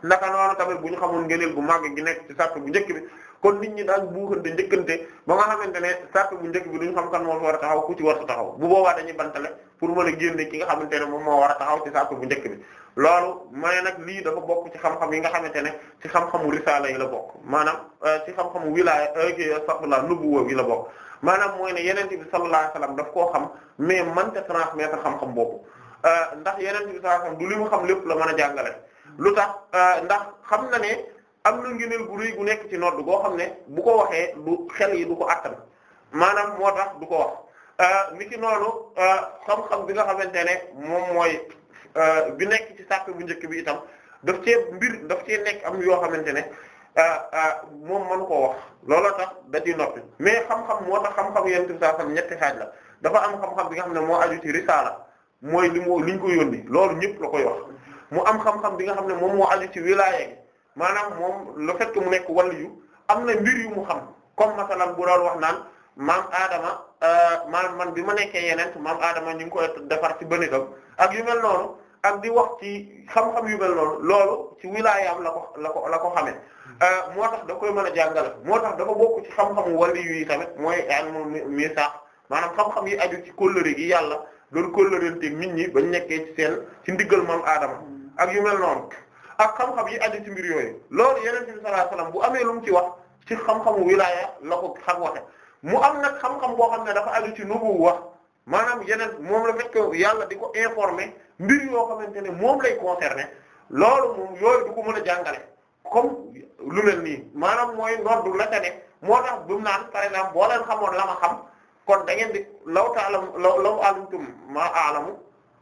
naka noonu tamit bu ñu xamoon ngëneel bu màgg gi nekk ci sàrt bu njëkk bi kon nit ñi daan buuxante njëkkante ba nga xamante ne sàrt bu njëkk bi xam kan moo war a taxaw ku ci war bu boobaa dañuy bantale pour mën a génne ki nga xamante ne moom moo war a taxaw ci sàrt bu njëkk bi loolu may nag lii dafa bokk ci xam-xam yi nga xamante ne ci xam-xamu risaala yi la bokk maanaam euh, ci xam-xamu wilaaya euh, euh, saxla nubuwa yi la bokk maanaam mooy ne yenente bi sallallahu alayhi wasallam daf koo xam mais mënta a xam-xam boobu ndax yenente bi sallallahu alayhi du li mu xam lépp la mën a jàngale lu tax euh, ndax xam na ne am na ngëneel gu rëy gu nekk ci nodd goo xam ne bu ko waxee du xel yi du ko attan maanaam moo tax du ko wax euh, ni ki noonu euh, xam-xam bi nga xamante ne moom mooy bi nekk ci sàpp bu njëkk bi daf cee mbir daf cee nekk am yoo xamante ne moom manu koo wax looloo tax da ciy noppi xam-xam moo xam-xam yonent bi sallallahu alayhi wasallam dafa am xam bi nga xam ne moo aju ci risaala mooy li mu liñ ñu ko yónni loolu ñëpp la koy wax mu am xam-xam bi nga xam ne moom moo aju ci wilaya yi maanaam moom le fait mu nekk wàllu yu am na mbir yu mu xam comme masalan bu doon wax naan maam Adama euh, maanaam man bi ma nekkee yeneen maam Adama ñu ngi koy defar ci bënikam ak yu mel noonu ak di wax ci xam yu mel noonu loolu ci wilayaam la la ko la ko xamee euh, moo tax da koy mën a jàngale moo tax dafa bokk ci xam-xamu wàllu yu yi tamit mooy ilmu maanaam xam-xam yi aju ci kóllëre gi yàlla doon kóllërenteeg nit ñi ba bañ nekkee ci seen ci ndigal maam Adama. ak yu mel noonu ak xam-xam yi aju ci mbir yooyu loolu yeneen bi sallallahu bu amee lu mu ci wax ci xam-xamu wilaaya la ko xam waxe mu am nag xam-xam boo xam ne dafa aju ci nubu wax maanaam yeneen moom la fekk yàlla di ko informer mbir yoo xamante ne moom lay concerner loolu moom yooyu du ko mën a jàngale comme lu mel nii maanaam mooy noddu la ca moo tax bu mu naan par exemple boo leen xamoon la ma xam kon dangeen di law ta'lam law alamtum ma a'lamu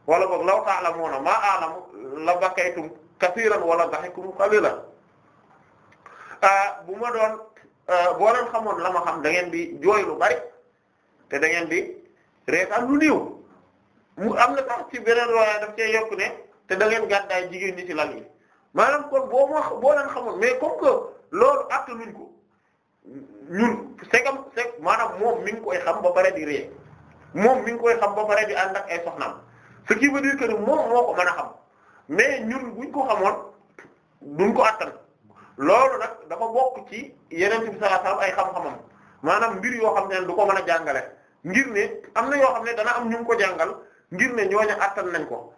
wala boog law ta'lamuna ma a'lamu la bakaytum kasiran wala dahikum qalilan ah, bu ma doon ah, boo xamoon la xam dangeen ngeen di jooy lu bari te da ngeen di reetaan lu néew mu am na tax ci beneen roya daf cee yokk ne te da ngeen gàddaay jigéen ñi ci lal maanaam kon boo ma boo xamoon mais comme que loolu àtt luñ ko ñun segam seg maanaam moom mi ngi koy xam ba pare di ree moom mi ngi koy xam ba pare di ànd ay soxnaam ce qui veut dire que moom moo ko mën a xam mais ñun buñ ko xamoon duñ ko attan loolu nag dafa bokk ci yeneen bi sallallahu ay xam-xamam maanaam mbir yoo xam ne du ko mën a jàngale ngir ne am na yoo xam ne dana am ñu ko jàngal ngir ne ñooñu attan nañ ko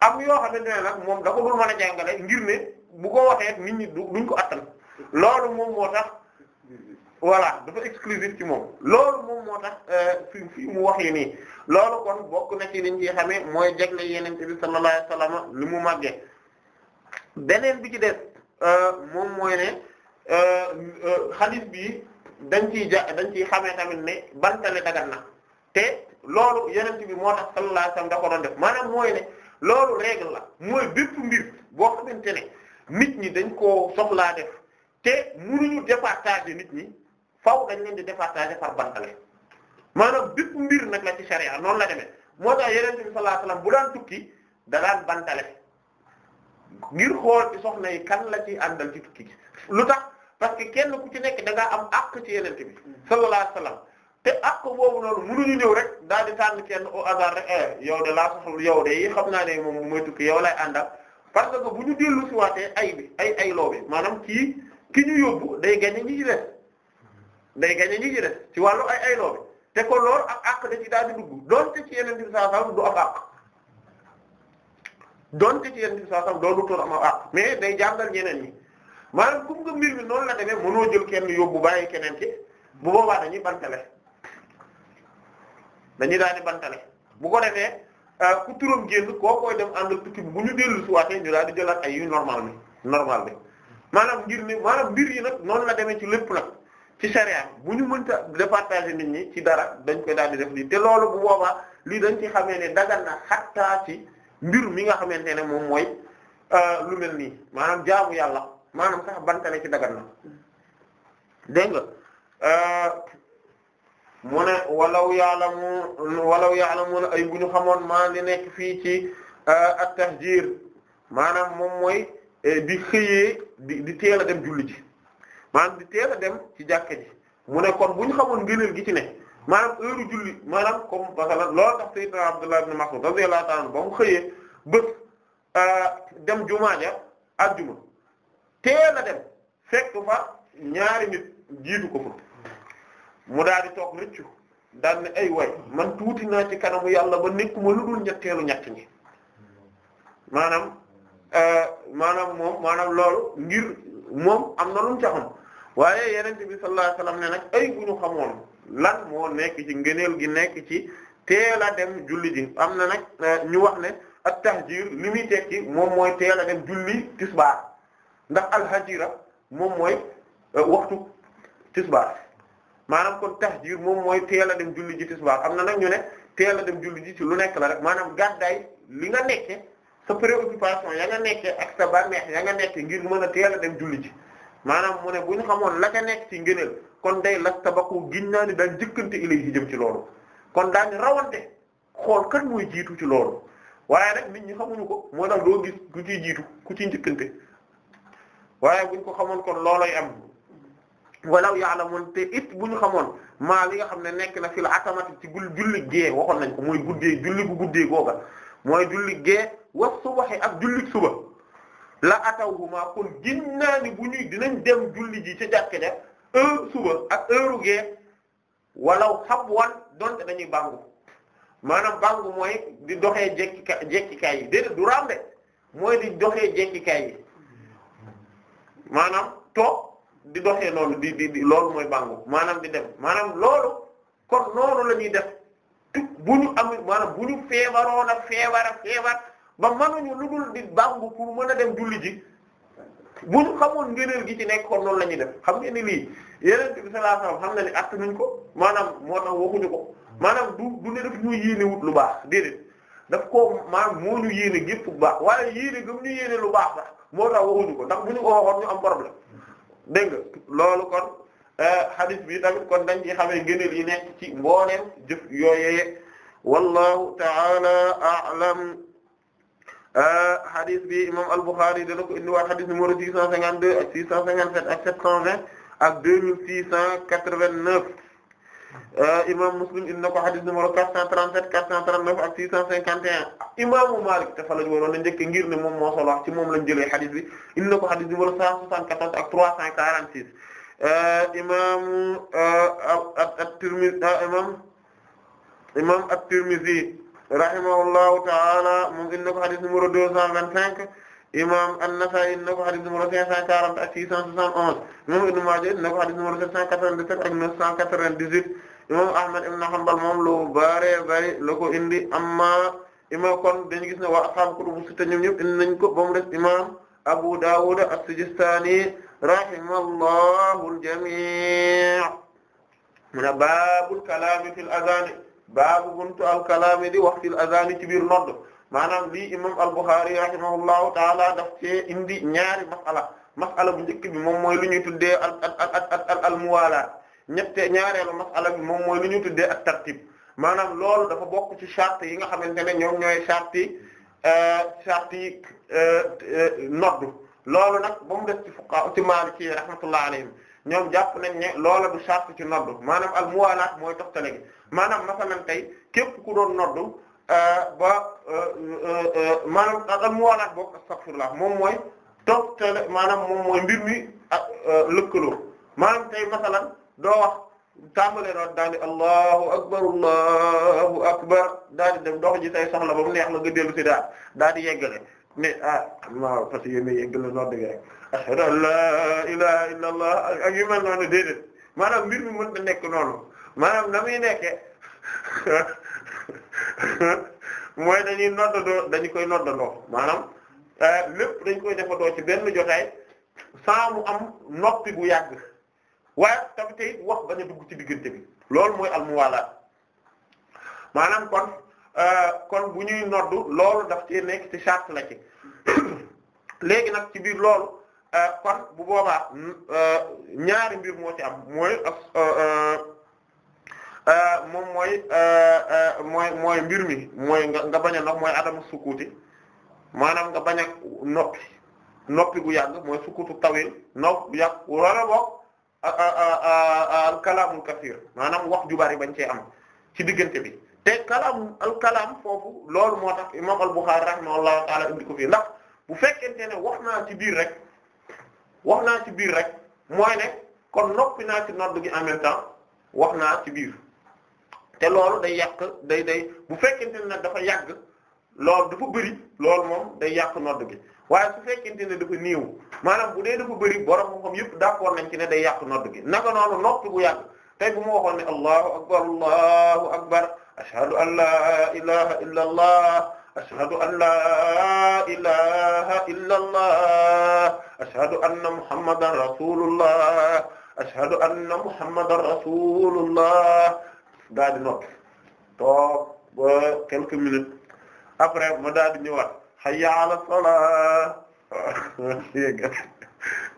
am yoo xam ne nag moom da ko dul mën a jàngale ngir ne bu ko waxee nit ñi duñ ko attan loolu moom moo tax. voilà dafa exclusif ci moom loolu moom moo tax euh, fi fi mu wax yi nii loolu kon bokk na ci liñ ci xamee mooy jagle yeneen bi sallallahu alayhi wasallam mu màggee beneen bi ci def euh, moom mooy ne euh, hadith bi dañ ciy ja dañ ciy xame tamit ne bantale dagan na te loolu yeneen bi moo tax sallallahu alayhi da ko doon def maanaam mooy ne loolu règle la mooy bépp mbir boo xamante ne nit ñi dañ koo soxlaa def te mënuñu départager nit ñi. faaw dañ leen di départager par bantale maanaam bépp mbir nag la ci sharia noonu la demee moo tax yeneen bi sallallahu alayhi wasallam bu daan tukki da daan bantale ngir xool ci soxna yi kan la ci àndal ci tukki gi lu tax parce que kenn ku ci nekk da am àq ci yeneen bi sallallahu alayhi wasallam te àq boobu noonu mënuñu ñëw rek daal di tànn kenn au hasard rek eh, yow de laa soxla yow de yi xam naa ne moom mooy tukki yow lay àndal parce que bu ñu dellu si waatee ay bi ay ay loo bi maanaam kii ki ñu yóbbu day gagné day gañe ñi ci def ci wàllu ay ay bi te ko loolu ak àq da ci daal di dugg doonte ci yeneen bi saa sam du am àq doonte ci yeneen bi saa sam doon du toon am àq mais day jàngal ñeneen ñi maanaam comme nga mbir mi noonu la demee mënoo jël kenn yóbbu bàyyi keneen ci bu boobaa dañuy bantale dañuy daal di bantale bu ko defee euh, ku turam génn koo dem ànd bu ñu dellu suwaatee ñu daal di jëlaat ay normal bi normal bi maanaam ngir ne maanaam mbir yi nag noonu la demee ci lépp nag ci sharia bu ñu mënta départager nit ñi ci dara dañ koy daal di def lii te loolu bu boobaa lii dañ ci xamee ne dagan na xattaa ci mbir mi nga xamante ne moom mooy euh, lu mel nii maanaam jaamu yàlla maanaam sax bantale ci dagan na dégg nga euh, mu ne walaw ya'lamu walaw ya'lamu ay bu ñu xamoon maa li nekk fii ci euh, a tahjir maanaam moom mooy di xëyee di di a dem julli ji maanaam di teel a dem ci jàkka ji mu ne kon bu ñu xamoon ngëneel gi ci ne maanaam heure julli maanaam comme masalan loolu tax sayyidna Abdullah ibn Mas'ud radiyallahu ta'ala ba mu xëyee bës euh, dem jumaa ja àjjuma teel dem fekk fa ñaari nit jiitu ko fa mu daal toog rëccu daal ne ay way man tuuti naa ci kanamu yàlla ba nekkuma lu dul ñetteelu ñett ñi maanaam euh, maanaam moom maanaam loolu ngir moom am na lu mu ca xam waaye yeneen bi sallallahu alayhi ne nag ay bu ñu xamoon lan moo nekk ci ngeneel gi nekk ci teel dem julli ji am na nag euh, ñu wax ne ak tahjir li muy tekki moom mooy teel a dem julli tisbaar ndax alhajira moom mooy euh, waxtu maanaam kon tahjir moom mooy teel a dem julli ji tisbaar am na nag ñu ne teel dem julli ji ci lu nekk la rek maanaam gàddaay li nga nekke sa préoccupation ya nga nekke ak sa bànneex ya nga nekke ngir mën a teel a dem julli ji maanaam mu ne bu ñu xamoon la ca nekk ci ngëneel kon day lastabaku gin naa ni daañ jëkkante ilay ci jëm ci loolu kon daañu rawante xool kan mooy jiitu ci loolu waaye nag nit ñi xamuñu ko moo tax doo gis ku ciy jiitu ku ci njëkkante waaye guñ ko xamoon kon looloy am walaw ya'lamun te it bu ñu xamoon maa li nga xam ne nekk na la atamati ci gul julli gee waxoon nañ ko mooy guddee julli gu guddee googa mooy julli gee wa subahi ak julli suba la atawhuma kon gin naa bu ñuy dinañ dem julli ji ca jàkk ja heure suba ak heure gee walaw habwan donte dañuy bangu maanaam bangu mooy di doxe jekkika jekkikaay yi déedéet du rambe mooy di doxee jekkikaay yi maanaam toog di doxee noonu di di di loolu mooy bangu maanaam di dem maanaam loolu kon noonu la ñuy def bu ñu am maanaam bu ñu feebaroon a feebar ba manuñu lu dul di bàngu pour mën a dem julli ji bu ñu xamoon ngëneel gi ci nekk kon loolu la ñuy def xam ngeen ni lii yeneen bi sallallahu alayhi wasallam xam na ni att nañ ko maanaam moo tax waxuñu ko maanaam du du ne daf ñu yéene wut lu baax déedéet daf ko maanaam moo ñu yéene gépp bu baax waaye yéene gëm ñu yéene lu baax sax moo tax waxuñu ko ndax bu ñu ko waxoon ñu am problème dégg nga loolu kon euh, hadith bi tamit kon dañ ci xamee ngëneel yi ne ci mbooleem jëf yooyee wallahu ta'ala a'lam Euh, hadith bi imam al-Bukhari dana ko indiwaat hadith numéro 652 ak 657 ak 720 ak 2689 euh, imam Muslim indi na ko hadith numéro 437 439 ak 651 imaamu Malik te fa la ñu waroon a njëkk ngir ne moom moo solo ci moom lañ jëlee hadith bi indi na ko hadith numéro 174 ak 346 euh, imaamu at at imam imam at rahimahullahu ta'ala moom inna ko hadith numéro 225 imam An-Nasa'i inna ko hadith numéro 540 ak 671 imam Ibn Majah inna ko hadith numéro 797 ak 998 imam Ahmad ibn Hanbal moom loo bare bare la ko indi amma imam kon dañu gis ne waa ashab kutubu sitta ñoom ñëpp indi nañ ko ba mu des imam Abu Dawud as-Sijistani rahimahullahu al-jami' mu ne baabul kalaami fil adhaan baabu buntu alkalaami di waxtil azani ci biir nodd maanaam lii imam al-Bukhari rahimahullahu taala daf cee indi ñaari masala masala bu njëkk bi moom mooy lu ñuy tuddee al al al al muwaalaat ñette ñaareelu masala bi moom mooy lu ñuy tuddee ak tartib maanaam loolu dafa bokk ci charte yi nga xamante ne ñoom ñooy charte yi euh, charte euh, euh, loolu nag ba mu def ci fuqaha ci Maliki rahmatullah ñoom jàpp nañ ne loola du charte ci nodd maanaam al muwaalaat mooy toftale maanaam masalan tey képp ku doon noddu euh, ba euh, euh, maanaam al muwaalaat bokk astaghfirullah moom mooy toftale maanaam moom mooy mbir mi ak ah, lëkkaloo maanaam tey masalan doo wax noon daal di allahu akbar allahu akbar daal di dem dox ji say soxla ba mu neex la nga dellu si daal daal di yeggale mais ah ma parce que yéen a yeggale nodd an la ilaha illa allah ak noonu déedéet maanaam mbir mi mën nekk noonu maanaam na muy nekkee mooy dañuy noddandoo dañu koy noddandoo maanaam euh, lépp dañ koy defandoo ci benn jotaay saa mu am noppi bu yàgg waaye tamit tey wax bañ a dugg ci diggante bi loolu mooy almuwaalaat maanaam kon euh, kon bu ñuy noddu loolu daf ci nekk ci charte la ci (coughs) léegi nag ci biir loolu euh, kon bu boobaa ñaari mbir moo ci am mooy Euh, moom mooy euh, euh, mooy mooy mbir mi mooy nga nga bañ a nopp mooy adama sukkuti maanaam nga bañ a noppi noppi gu yàgg mooy sukkutu tawil nopp yàgg wala boog al kalaamul maanaam wax ju bari bañ cee am ci diggante bi te kalaam al kalaam foofu loolu moo tax imaam al Buxaari rahimahullahu ndax bu fekkente ne wax naa ci biir rek wax naa ci biir rek mooy ne kon noppi naa ci nodd gi en même wax naa ci biir te loolu day yàq day day bu fekkente ne nag dafa yàgg loolu dafa bëri loolu moom day yàq nodd gi waaye su fekkente ne dafa niiw maanaam bu dee dafa bëri borom xam-xam yëpp d'accord nañ ci ne day yàq nodd gi naka noonu noppi bu yàgg tey bu ma waxoon ne allahu akbar allahu akbar ashhadu an la ilaha illa allah an la ilaha illa allah ashhadu anna daal di noppi toog ba quelques minutes après mu daal di ñëwaat hayya ala salaa (laughs) yéggale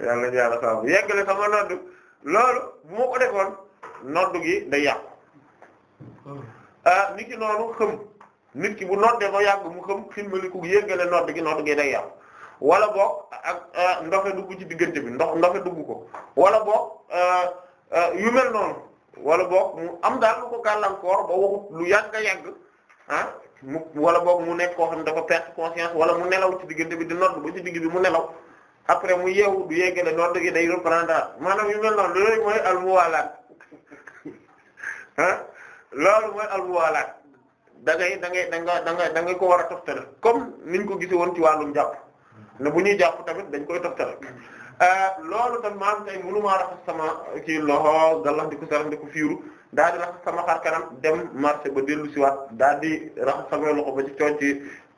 yàlla ñu saabu yeggale sama noddu loolu bu ma ko defoon noddu gi day yàqu oh. ah, nit ki noonu xëm nit ki bu noddee ba yàgg mu xëm ximmaliku yéggale noddu gi noddu gi day yàqu wala boog ak ah, ndoxe dugg ci diggante bi ndox ndoxe dugg ko walla boog ah, yu mel noonu wala boog mu am daal lu ko gàllankoor ba waxut lu yàgg a yàgg ah mu wala boog mu nekk koo xam ne dafa perte conscience wala mu nelaw ci diggante bi di nodd ba ci digg bi mu nelaw après mu yeewu du yeggale nodd gi day reprendre maanaam yu mel noonu loolu mooy almuwaalaat (laughs) ah loolu mooy almuwaalaat da ngay da ngay da nga da nga da ko war a toftale comme niñ ko gisee woon ci wàllum jàpp ne bu ñuy jàpp tamit dañ koy toftale Euh, loolu tam maam tey mënumaa raxas sama kii loxo gallax di ko sarax di ko fiiru daal di sama xar dem marché ba dellu si waat daal di raxas sama loxo ba ci cooc yi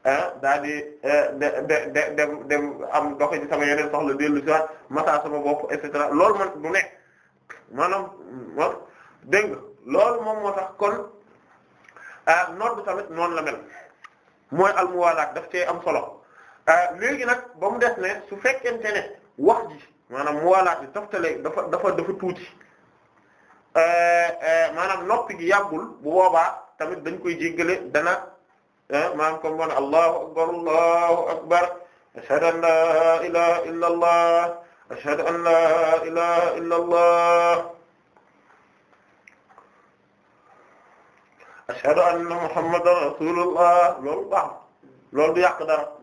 euh, daal di euh, de dem dem am doxe ci sama yeneen soxla dellu si waat massa sama bopp et cetera loolu man du nekk maanaam ma dégg nga loolu moom moo tax kon nodd tamit noonu la mel mooy almuwaalaat daf cee am solo léegi nag ba mu des ne su fekkente ne wax ji maanaam muwaalaat bi toftale dafa dafa dafa tuuti euh, euh, maanaam noppi gi yàggul bu boobaa tamit dañ koy jéggale dana euh, maanaam comme man allahu akbar allahu akbar ashhadu an la ilaha illa allah ashhadu an la ilaha illa allah ashhadu anna muhammadan rasulullah loolu baax loolu du yàq dara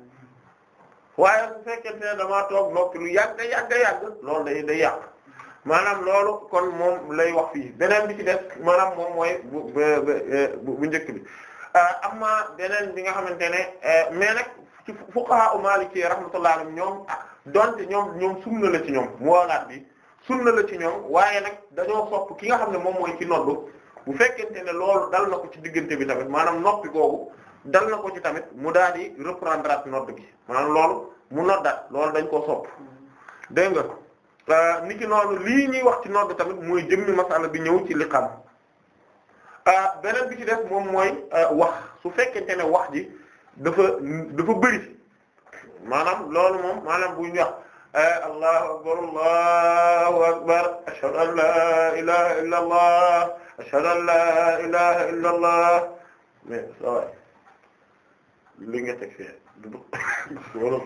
waaye bu fekkente ne damaa toog noppi lu yàgga yàgga yàgg loolu day day yàq maanaam loolu kon moom lay wax fii beneen bi ci def maanaam moom mooy bu bu njëkk bi euh, amma beneen bi nga xamante ne euh, mais nag ci fuqaha u maliki rahmatullah ñoom ah donte ñoom ñoom sunna la ci ñoom muwaalaat bi sunna la ci ñoom waaye nag dañoo sopp ki nga xam ne moom mooy ci noddu bu fekkente ne loolu dal na ko ci diggante bi tamit maanaam noppi googu dal na ko ci tamit mu daal di reprendre at nodd gi maanaam loolu mu noddaat loolu dañ ko sopp dégg nga euh, ni ki noonu lii ñuy wax ci nodd tamit mooy jëmmi masala bi ñëw ci liqam euh, beneen bi ci def moom mooy euh, wax su fekkente ne wax ji dafa dafa bëri maanaam loolu moom maanaam bu ñu wax akbar allahu akbar ashhadu an la ilaha illa allah ashhadu la li nga te fee du du (laughs) wala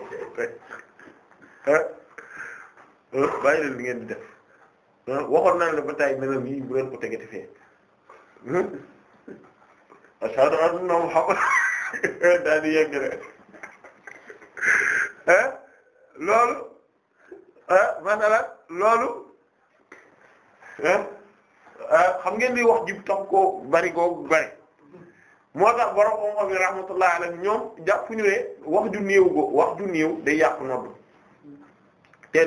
ah, ah, bàyyi leen li ngeen di def ah, waxoon naa la ba tay mene nii bu leen ko tegati fee (laughs) ashhadu anna Muhammad (laughs) daa di yegg rek loolu masalan loolu xam ngeen di wax jib tax ko bari koo bari moo tax borom xam-xam yi rahmatullah alayhi ñoom jàpp ñu ne wax ju néew go wax ju néew day yàq nodd te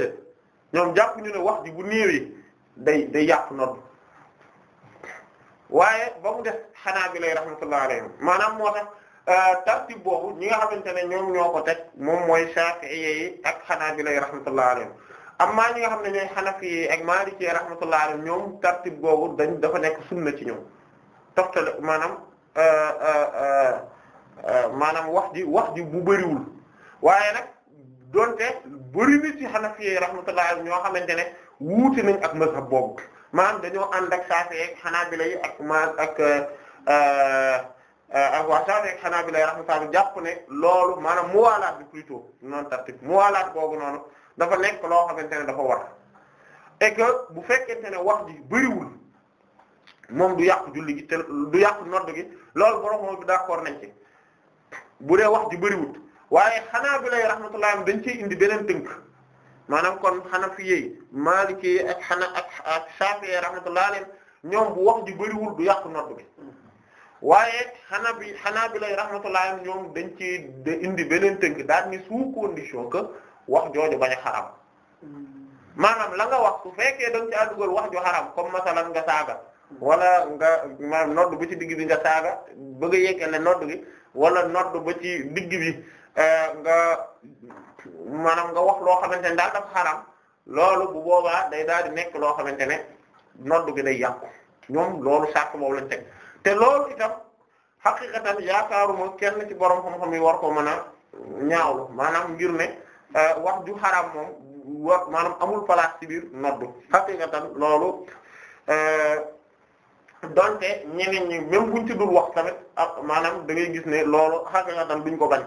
ñoom jàpp ne wax ji bu néewee day day yàq nodd waaye ba mu def xanaa bi lay rahmatullah alayhi maanaam moo tax euh, tartib boobu ñi nga xamante ne ñoom ñoo ko teg moom mooy Shafi'i yi ak xanaa bi lay rahmatullah alayhi amma ñi nga xam ne ñooy Hanafi yi ak Maliki rahmatullah alayhi ñoom tartib boobu dañ dafa nekk sunna ci ñoom toftale maanaam. Euh, euh, euh, maanaam wax ji wax ji bu bëriwul waaye nag donte bëri na ci Hanafi rahmatullah ñoo xamante ne wuute nañ ak mazhab boobu maanaam dañoo ànd ak Shafi'i ak Hanabila ak ma ak wax waa xanaa ak Hanabila yi rahmatullah jàpp ne loolu maanaam muwaalaat bi plutôt noonu tartib muwaalaat boobu noonu dafa nekk loo xamante ne dafa war et bu fekkente ne wax ji bëriwul. moom du yàqu julli gi te du yàqu nodd gi loolu borom moom bi d'accord nañ ci bu dee wax ji bëriwut waaye xanaa bi lay rahmatullah am dañ ciy indi beneen tënk maanaam kon xanafi yi maaliki yi ak xana ak ak saafi'i rahmatullah alayhi ñoom bu wax ji bëriwul du yàqu nodd gi waaye xanaa bi xanaa bi lay rahmatullah alayhi ñoom dañ ci indi beneen tënk daal ni sous wax jooju bañ a xaram hmm. la nga wax su fekkee da a ci wax ju xaram comme masalan nga saaga wala nga maanaam nodd ba ci digg bi nga saaga bëgg a yeggale nodd gi wala nodd ba ci digg bi euh, nga maanaam nga wax loo xamante ne daal dafa xaram loolu bu boobaa day daal di nekk loo xamante ne nodd gi day yàqu ñoom loolu sàkk boobu lañ teg te loolu itam xaqiqatan yaakaaruma kenn ci borom xam-xam yi war ko mën a ñaawlu maanaam ngir ne euh, wax ju xaram moom wax amul place ci biir nodd xaqiqatan loolu euh, donte ñeneen ñi même buñ ti dul wax tamit ak ah, maanaam da ngay gis ne loolu xaqiqatan duñ ko bañ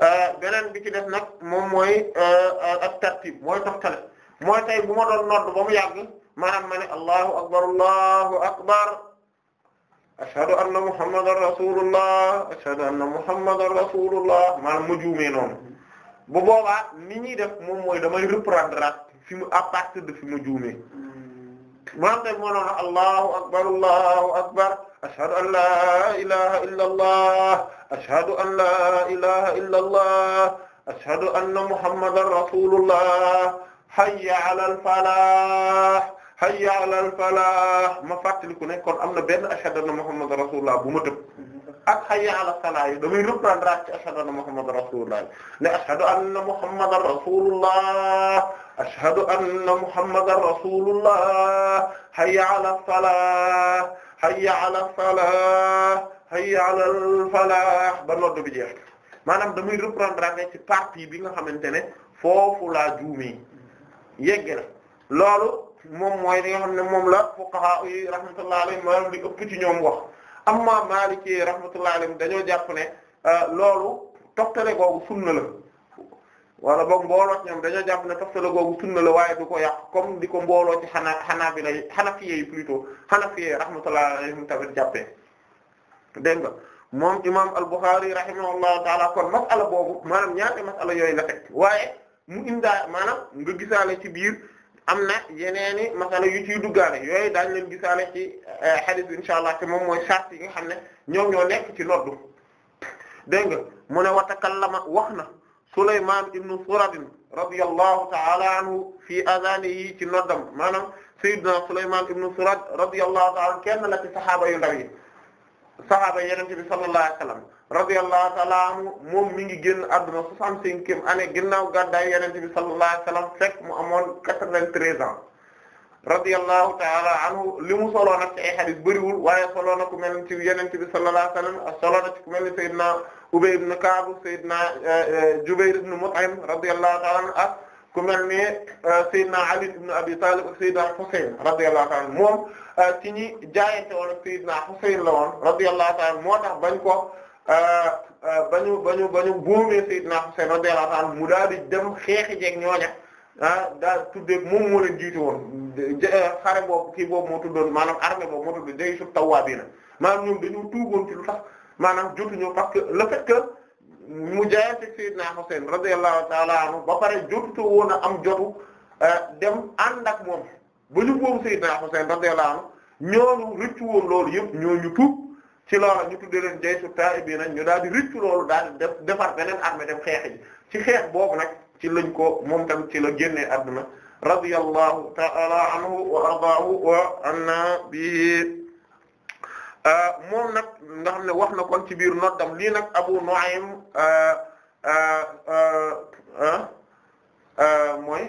euh, beneen bi ci def nag moom mooy euh, ak tartib mooy toftale mooy tey bu ma doon nodd ba mu yàgg maanaam ma ne allahu akbar allahu akbar ashhadu anna muhammadan rasulullah ashhadu anna muhammadan rasulullah maanaam ma juumee noonu bu boobaa ni ñuy def moom mooy damay reprendre fi à partir de fi ma juumee maam tey moo noon allahu akbar allahu akbar ashhadu an la ilaha illa allah ashhadu an la ilaha illa allah ashhadu anna muhammadan rasulullah hayya ala al falah hayya ala al falah ma fàttaliku ne kon am na benn ashhadu anna muhammadan rasulullah bu ma tëb ak hayya ala salaa yi damay reprendre ak ci ashhadu anna muhammadan rasulullah ne ashhadu anna muhammadan rasulullah ashhadu anna muhammadan rasulullah hayya ala salaa hayya ala salaa hayya ala falah ba noddu bi jeex maanaam damay reprendre ak ci partie bi nga xamante ne foofu laa juumee yegg na loolu moom mooy li nga xam ne moom la fuqaha yi rahmatullahi alayhim maanaam li ëpp ci ñoom wax amma Maliki rahmatullahi alayhi dañoo jàpp ne euh, loolu toftale googu sunna la wala boog mbooloo ñam dañoo jàpp ne toftale googu sunna la waaye du ko yàq kom di ko mbooloo ci xanaa xanaa bi lay xanafiye yi plutôt xanafiye rahmatullahi alayhim tamit jàppee dégg nga moom imam al-Bukhari rahimahullahu taala kon masala boobu maanaam ñaari masala yooyu na teg waaye mu indaa maanaam nga gisaale ci biir. am na yeneeni masala yu ciy duggaale yooyu daañu leen gisaale ci eh, hadith bi insha allah te moom mooy sart yi nga xam ne ñoom ñoo nekk ci noddu dégg nga mu ne wa takallama wax na Sulaymaan ibnu Suradin radiyallahu ta'ala anhu fi adanihi ci noddam maanaam Seydina Sulaymaan ibnu Surad radiyallahu ta'ala kenn la ci saxaaba yu ndaw yi sahaaba yenente bi sallallahu alayhi wa sallam radiyallahu ta'ala anhu moom mi ngi génn adduna soixante-cinquième année ginnaaw gàddaay yenente bi sallallahu alayhi wa sallam fekk mu amoon quatre-vingt-treize ans radiyallahu ta'ala anhu li mu soloo nag ci ay hadith bëriwul waaye soloo na ku mel ni ci yenente bi sallallahu alayhi wa sallam soloo na ci ku mel ni sayyidina Ubay ibn Ka'b sayyidina eh, eh, Jubayr ibn Mut'im radiyallahu ta'ala anhu ak ku mel ni eh, sayyidina Ali ibn Abi Talib ak sayyidina Husayn radiyallahu ta'ala anhu moom Euh, ci ñi jaayante woon ak Seydina Husayn la woon radiyallahu ta'ala moo tax bañ ko euh, euh, bañu bañu bañu boomee Seydina Husayn radiyallahu ta'ala mu daal di dem xeexi jeeg ñooña ah daal tuddee moom woon xare boobu kii boobu moo tuddoon maanaam armée boobu moo tuddoon maanaam ñoom dañu parce que le fait mu jaayante Seydina Husayn radiyallahu ta'ala anhu ba pare jotutu woon a am jotu dem ànd ak moom. ba ñu boobu Seydina Husayn radiyallahu anhu ñooñu rëccu woon loolu yëpp ñooñu tuub ci loolu ñu tudde daal di rëccu daal def defar beneen armée dem xeex ci xeex boobu nag ci lañ ko moom tamit ci la génnee adduna radiyallahu ta'ala anhu wa ardaahu wa anna bihi euh, moom nag nga xam ne wax na kon ci biir noddam lii nag Abu Nu'aym euh, euh, mooy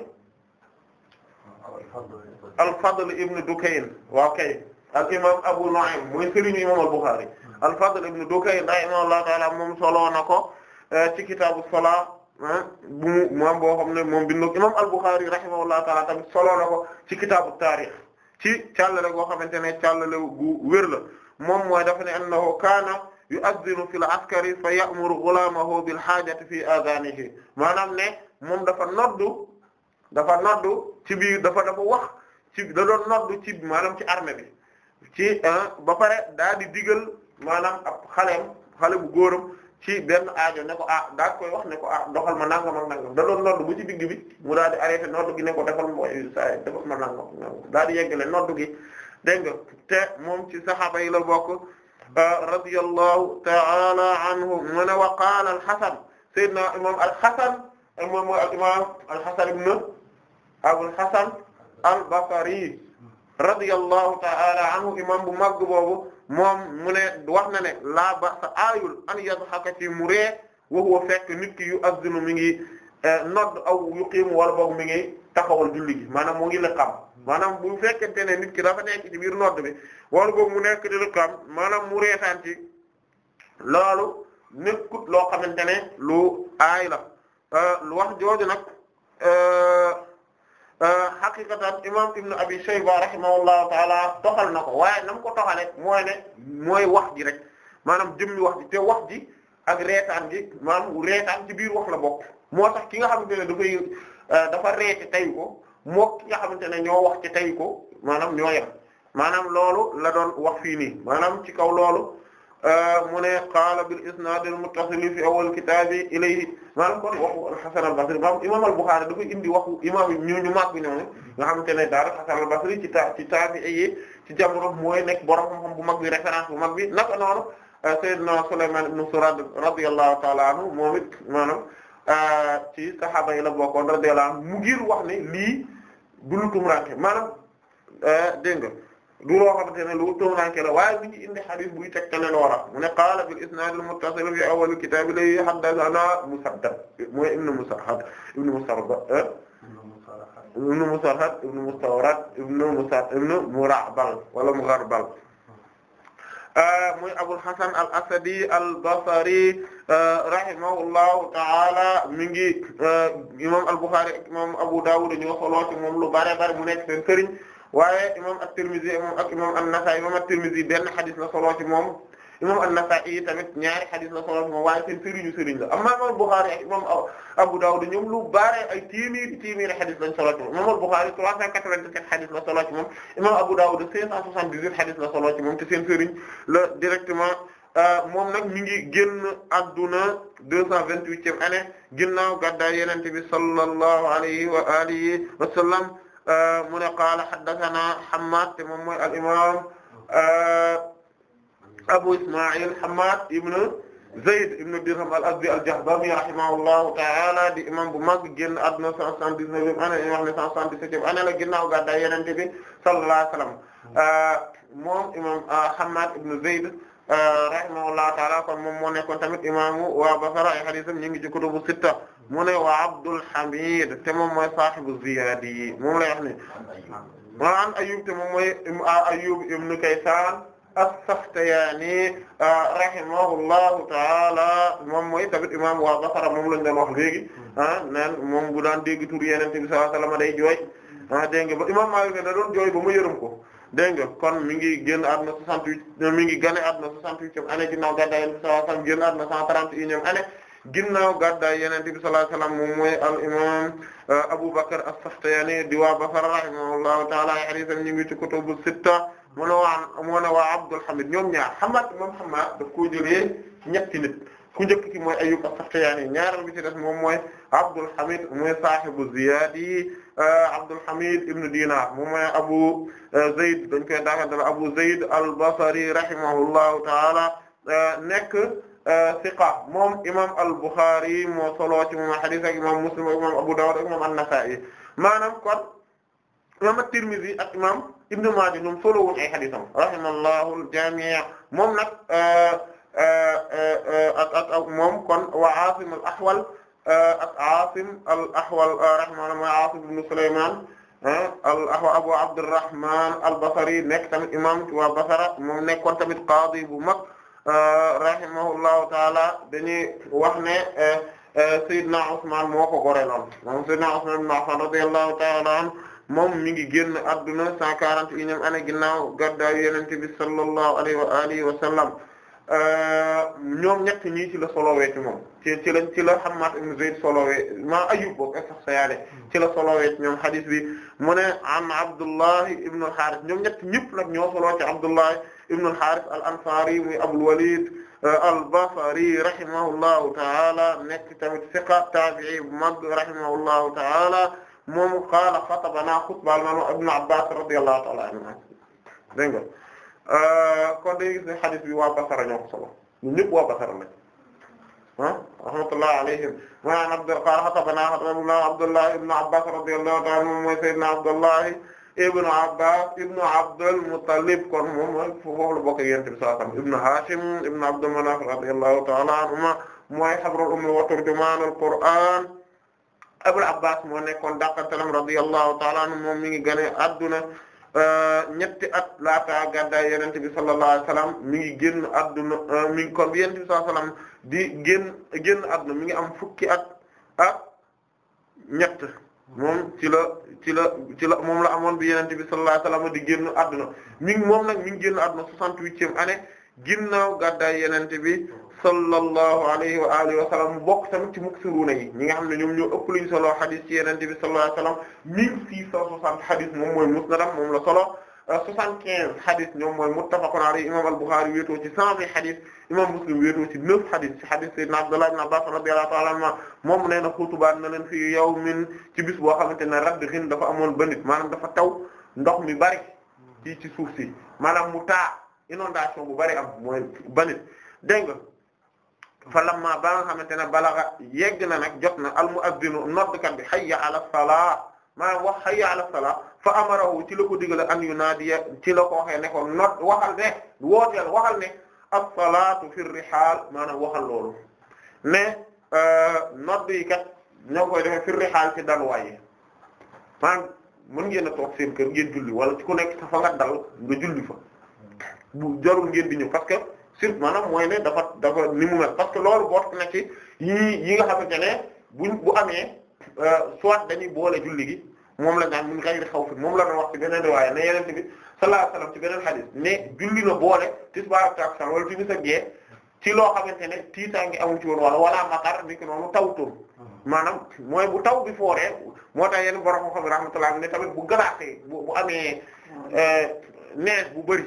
al-Fadl ibn Dukayn waaw kay al-imam Abu Nu'aym mooy sëriñu imam al-Bukhari al-Fadl ibn Dukayn rahimahullahu ta'ala moom solo na ko eh, ci kitaabu salaa eh, bu moom boo xam ne moom bind na imam al-Bukhari rahimahullahu ta'ala tamit solo na ko ci kitaabu taarix ci càllale goo xamante ne càllale gu wér la moom mooy dafa ne annahu kaana yu'adhdhinu fil askari fa ya'muru ghulamahu bil haajati fi aadaanihi maanaam ne moom dafa noddu dafa noddu ci biir dafa dafa wax ci da doon noddu ci maanaam ci armée bi ci euh, ba pare daa di digal maanaam ab xaleem xale bu góoram ci benn aajo ne ko ah daa koy wax ne ko ah doxal ma nangam ak nangam da doon noddu bu ci digg bi mu daal di arrêté noddu gi ne ko defal ma saa defal ma nangam daal di yeggale noddu gi dégg nga te moom ci saxaaba yi la bokk euh, radiyallahu ta'ala anhu mu ne wa qaala al-Hasan sayyidina imam al-Hasan moom al hasan ibn Abul Hasan al-Basri radiyallahu ta'ala anhu imam bu màgg boobu moom mu ne wax na ne laa ba sa aayul an yadhaka ci mu ree wa huwa fekk nit ki yu azzinu mi ngi eh, nodd aw yuqiimu wala boog mi ngi taxawal julli gi maanaam mu ngi liqaam maanaam bu fekkente ne nit ki dafa nekk ci biir nodd bi wala boog mu nekk di liqaam maanaam mu reetaan ci loolu nitku loo xamante ne lu aay la eh, lu wax jooju nag eh, Euh, xaqiqatan imam ibnu abi shayba rahimahullahu taala toxal na ko waaye nam ko toxale mooy ne mooy wax ji rek maanaam jëmmi wax ji te wax ji ak reetaan gi maanaam reetaan ci biir wax la bokk moo tax ki nga xamante ne dafay euh, dafa reete tay ko moo ki nga xamante ne ñoo wax ci tay ko maanaam ñoo yem maanaam loolu la doon wax fii nii maanaam ci kaw loolu Ah, mu ne qaala bil isnaad al muttasil fi awwal kitaab ilayhi maanaam kon waxu al al-Basri maanaam imaam al-Bukhari indi waxu imaam yi ñu mag bi ñooñu nga xamante ne daal Hasan al-Basri ci ta yi ci jamono mooy nekk borom xam bu mag bi référence bu mag bi naka noonu ah, Seydina Sulaymaan ibn Surad radiyallahu ta'ala anhu moom it maanaam ah, ci saxaaba yi la bokkoon radiyallahu anhu mu ngir wax ne lii du lu tumuraanke maanaam dégg du loo xamante ne lu tumuranke la waaye bi ñu indi hadith buy tegtale loola mu ne qaala bil isnaad al muttasil fi awwal kitaab li haddathana Musaddad mooy ibn Musarhad ibn Musarhad eh? ibn Musarhad ibn Mustawrad ibn Musa ibn Murabal wala Mugharbal eh, muy Abul Hasan al Asadi al Basri eh, rahimahullahu ta'ala mi ngi imam al Bukhari imam Abu Dawud ñoo solo ci moom lu bare bare mu nekk seen sëriñ waaye imam at-Tirmidhi moom ak imam an-Nasa'i imam at-Tirmidhi benn xadis la solo ci moom imam an-Nasa'i tamit ñaari xadis la solo ci moom waaye seen sëriñu sëriñ la amma imam al-Bukhari ak imam Abu Dawud ñoom lu bare ay téeméeri téeméeri xadis lañ solo ci moom imam al-Bukhari 397 xadis la solo ci moom imam Abu Dawud 578 xadis la solo ci moom te seen sëriñ la directement euh, moom nag mi ngi génn adduna 228e année ginnaaw gàddaay Yonent bi sallallahu alayhi wa alihi wa sallam mu ne qaala haddathana Hammad te moom mooy al imam Abu Isma'il Hammad ibn Zayd ibn Dirham al-Azdi al-Jahdami rahimahullahu ta'ala di imam bu mag génn àdduna 179 année ñu wax ne 177 année la ginnaaw gàddaay Yonent bi sallallahu alayhi wa sallam euh, moom imam euh, Hammad ibn Zayd euh, rahimahullahu ta'ala kon moom moo nekkoon tamit imaamu waa Basra ay hadiisam ñu ngi ci kutubu sitta mu ne wa Abdul Hamid te moom mooy saahibu Ziyaadi moom lay wax ni wa an Ayyub te moom mooy Ayyub ibn Kaysan as-Sakhtiyani rahimahullahu taala moom mooy tamit imam waa Basra moom lañ doon wax léegi ah naan moom bu daan dégg tur Yonent bi sallallahu alayhi wa sallam day jooy ah dégg nga ba imam Maalik ne da doon ba ma yërëm ko dégg nga kon mi ngi génn àdduna 68 mi ngi gane àdduna 68 année ginnaaw gàddaay Yonent bi sallallahu alayhi wa sallam génn àdduna 131 année ginnaaw gàddaay Yonent bi sallallahu alayhi moom mooy al imam euh, Abu Bakr as-Sakhtiyani di waa Basra rahimahullahu ta'ala ay hadiisam ñu ngi ci kutubu sitta mu ne waa mu ne waa Abdul Hamid ñoom ñaar Hamad moom Hamad daf koo jëlee ñetti nit ku njëkk ci mooy Ayyub as-Sakhtiyani ñaareel bi ci des moom mooy Abdul Hamid mooy saahibu Ziyaad yi euh, Abdul Hamid ibn Dinar moom mooy Abu euh, Zayd dañ koy daakantala Abu Zayd al-Basri rahimahullahu ta'ala nekk Euh, siqa moom imam al-Bukhari moo solo ci moom hadith ak imam Muslim ak imam Abu Dawud ak imam an-Nasa'i maanaam kon imam at-Tirmidhi ak imam Ibn Majah ñoom solo wuñ ay haditham rahimallahu al-jami' moom nag euh, euh, ak ak ak moom kon wa Asim al-Ahwal ak Asim al-Ahwal rahimahullah wa Asim ibn Sulayman al-Ahwal Abu Abdurrahman al-Basri nekk tamit imam wa Basra moom nekkoon tamit qaadi bu mag Euh, rahimahullahu taala dañuy wax ne euh, euh, Seydina Usman moo ko goreeloon moom Seydina Usman ibn Affan radiyallahu taala anhu moom mi ngi génn adduna cent quarante et unième année ginnaaw gàddaayu Yonent bi sallallahu alayhi wa alihi wa sallam ñoom ñett ñii ci la solowee ci moom ci ci la ci la Hammad ibn Zayd solowee ma Ayyub boog as-Sakhtiyaani ci la solowee ci ñoom hadith bi mu ne am Abdullah ibn al ñoom ñett ñëpp nag ñoo soloo ci Abdullah ibn al-Harith al-Ansari muy Abul Walid euh, al-Basri rahimahullahu ta'ala nekk tamit thiqa tabi'i bu mag rahimahullahu ta'ala moom qaala xatabanaa xutbal manu ibn Abbas radiyallahu ta'ala anhu dégg nga euh, kon dañuy gis ne xadis bi waa Basra ñoo ko solo ñun ñëpp waa Basra lañ ah rahmatullahi alayhim maanaam qaala xatabanaa xatabanaa Abdullah ibn Abbas radiyallahu ta'ala anhu mooy Sayyidina Abdullah ibnu Abbas ibnu Abdul Muttalib kon moom mooy foofu la bokk yonent bi sallallahu alayhi wasallam ibnu Hashim ibnu Abd Manaf radiyallahu ta'ala anhuma mooy habrul ummi wa turjumanul Qur'an Abul Abbas moo nekkoon dàqantalam radiyallahu ta'ala anhu moom mi ngi gane adduna euh, ñetti at laata gàddaay yonent bi sallallahu alayhi wasallam mi ngi génn adduna euh, mi ngi kon yonent bi sallallahu alayhi wasallam di génn adduna mi ngi am fukki at ak ñett moom ci la ci la ci la moom la amoon bi yenente bi sallallahu alayhi wasallam di génn adduna mi ngi moom nag mi ngi génn adduna soixante-huitième année ginnaaw gàddaay yenente bi sallallahu alayhi wa alihi wa sallam mu bokk tamit ci muksiruuna yi ñi nga xam ne ñoom ñu ëpp lu ñu solo xadis ci yenente bi sallallahu alayhi wasallam mille six cent soixante xadis moom mooy musnadam moom la solo 75 hadith ñoom mooy muttafaqun alayhi imam al-Bukhari wéetoo ci 100 hadith imam Muslim wéetoo ci 9 hadith ci hadith sayyidina Abdullah ibn Abbas radiyallahu ta'ala anhuma moom nee na xutubaan na leen fii yawmin ci bis boo xamante ne radd xin dafa amoon banit maanaam dafa taw ndox mi bari ci ci suuf si maanaam mu taa inondation bu bari am mooy banit dégg nga fa lamma ba nga xamante ne balaga yegg na nag jot na al mu'addinu noddkat bi hayya ala salaa maanaam wax hayya ala salaa fa amarahu ci la ko digale an yu naadiya ci la ko waxee ne ko not waxal ne wooteel waxal ne as-salaatu fi rihaal maanaam waxal loolu ne euh, nodd yi kat ñoo koy defee fi rihaal ci dalwaay yi maanaam mën toog seen kër ngeen julli wala ci ku nekk fa nga dal nga julli fa bu jarul ngeen di ñëw parce que surtout maanaam mooy ne dafa dafa ni parce que loolu boot na ci yi yi nga xamante ne buñ bu amee euh, soit dañuy boole julli gi moom la naan min ghayri xawf moom la doon wax ci beneen riwaaya ne yeneen bi sallallahu alayhi wasallam ci beneen xadis ne julli na boole tisbaar ak takkusaan wala timis ak gee ci loo xamante ne tiitaange amu ci woon wala wala matar ni ko noonu tawtur hmm. maanaam mooy bu taw bi fooree moo tax yenn borom xam rahmatullah ne tamit bu glace bu bu amee hmm. euh, neige bu bëri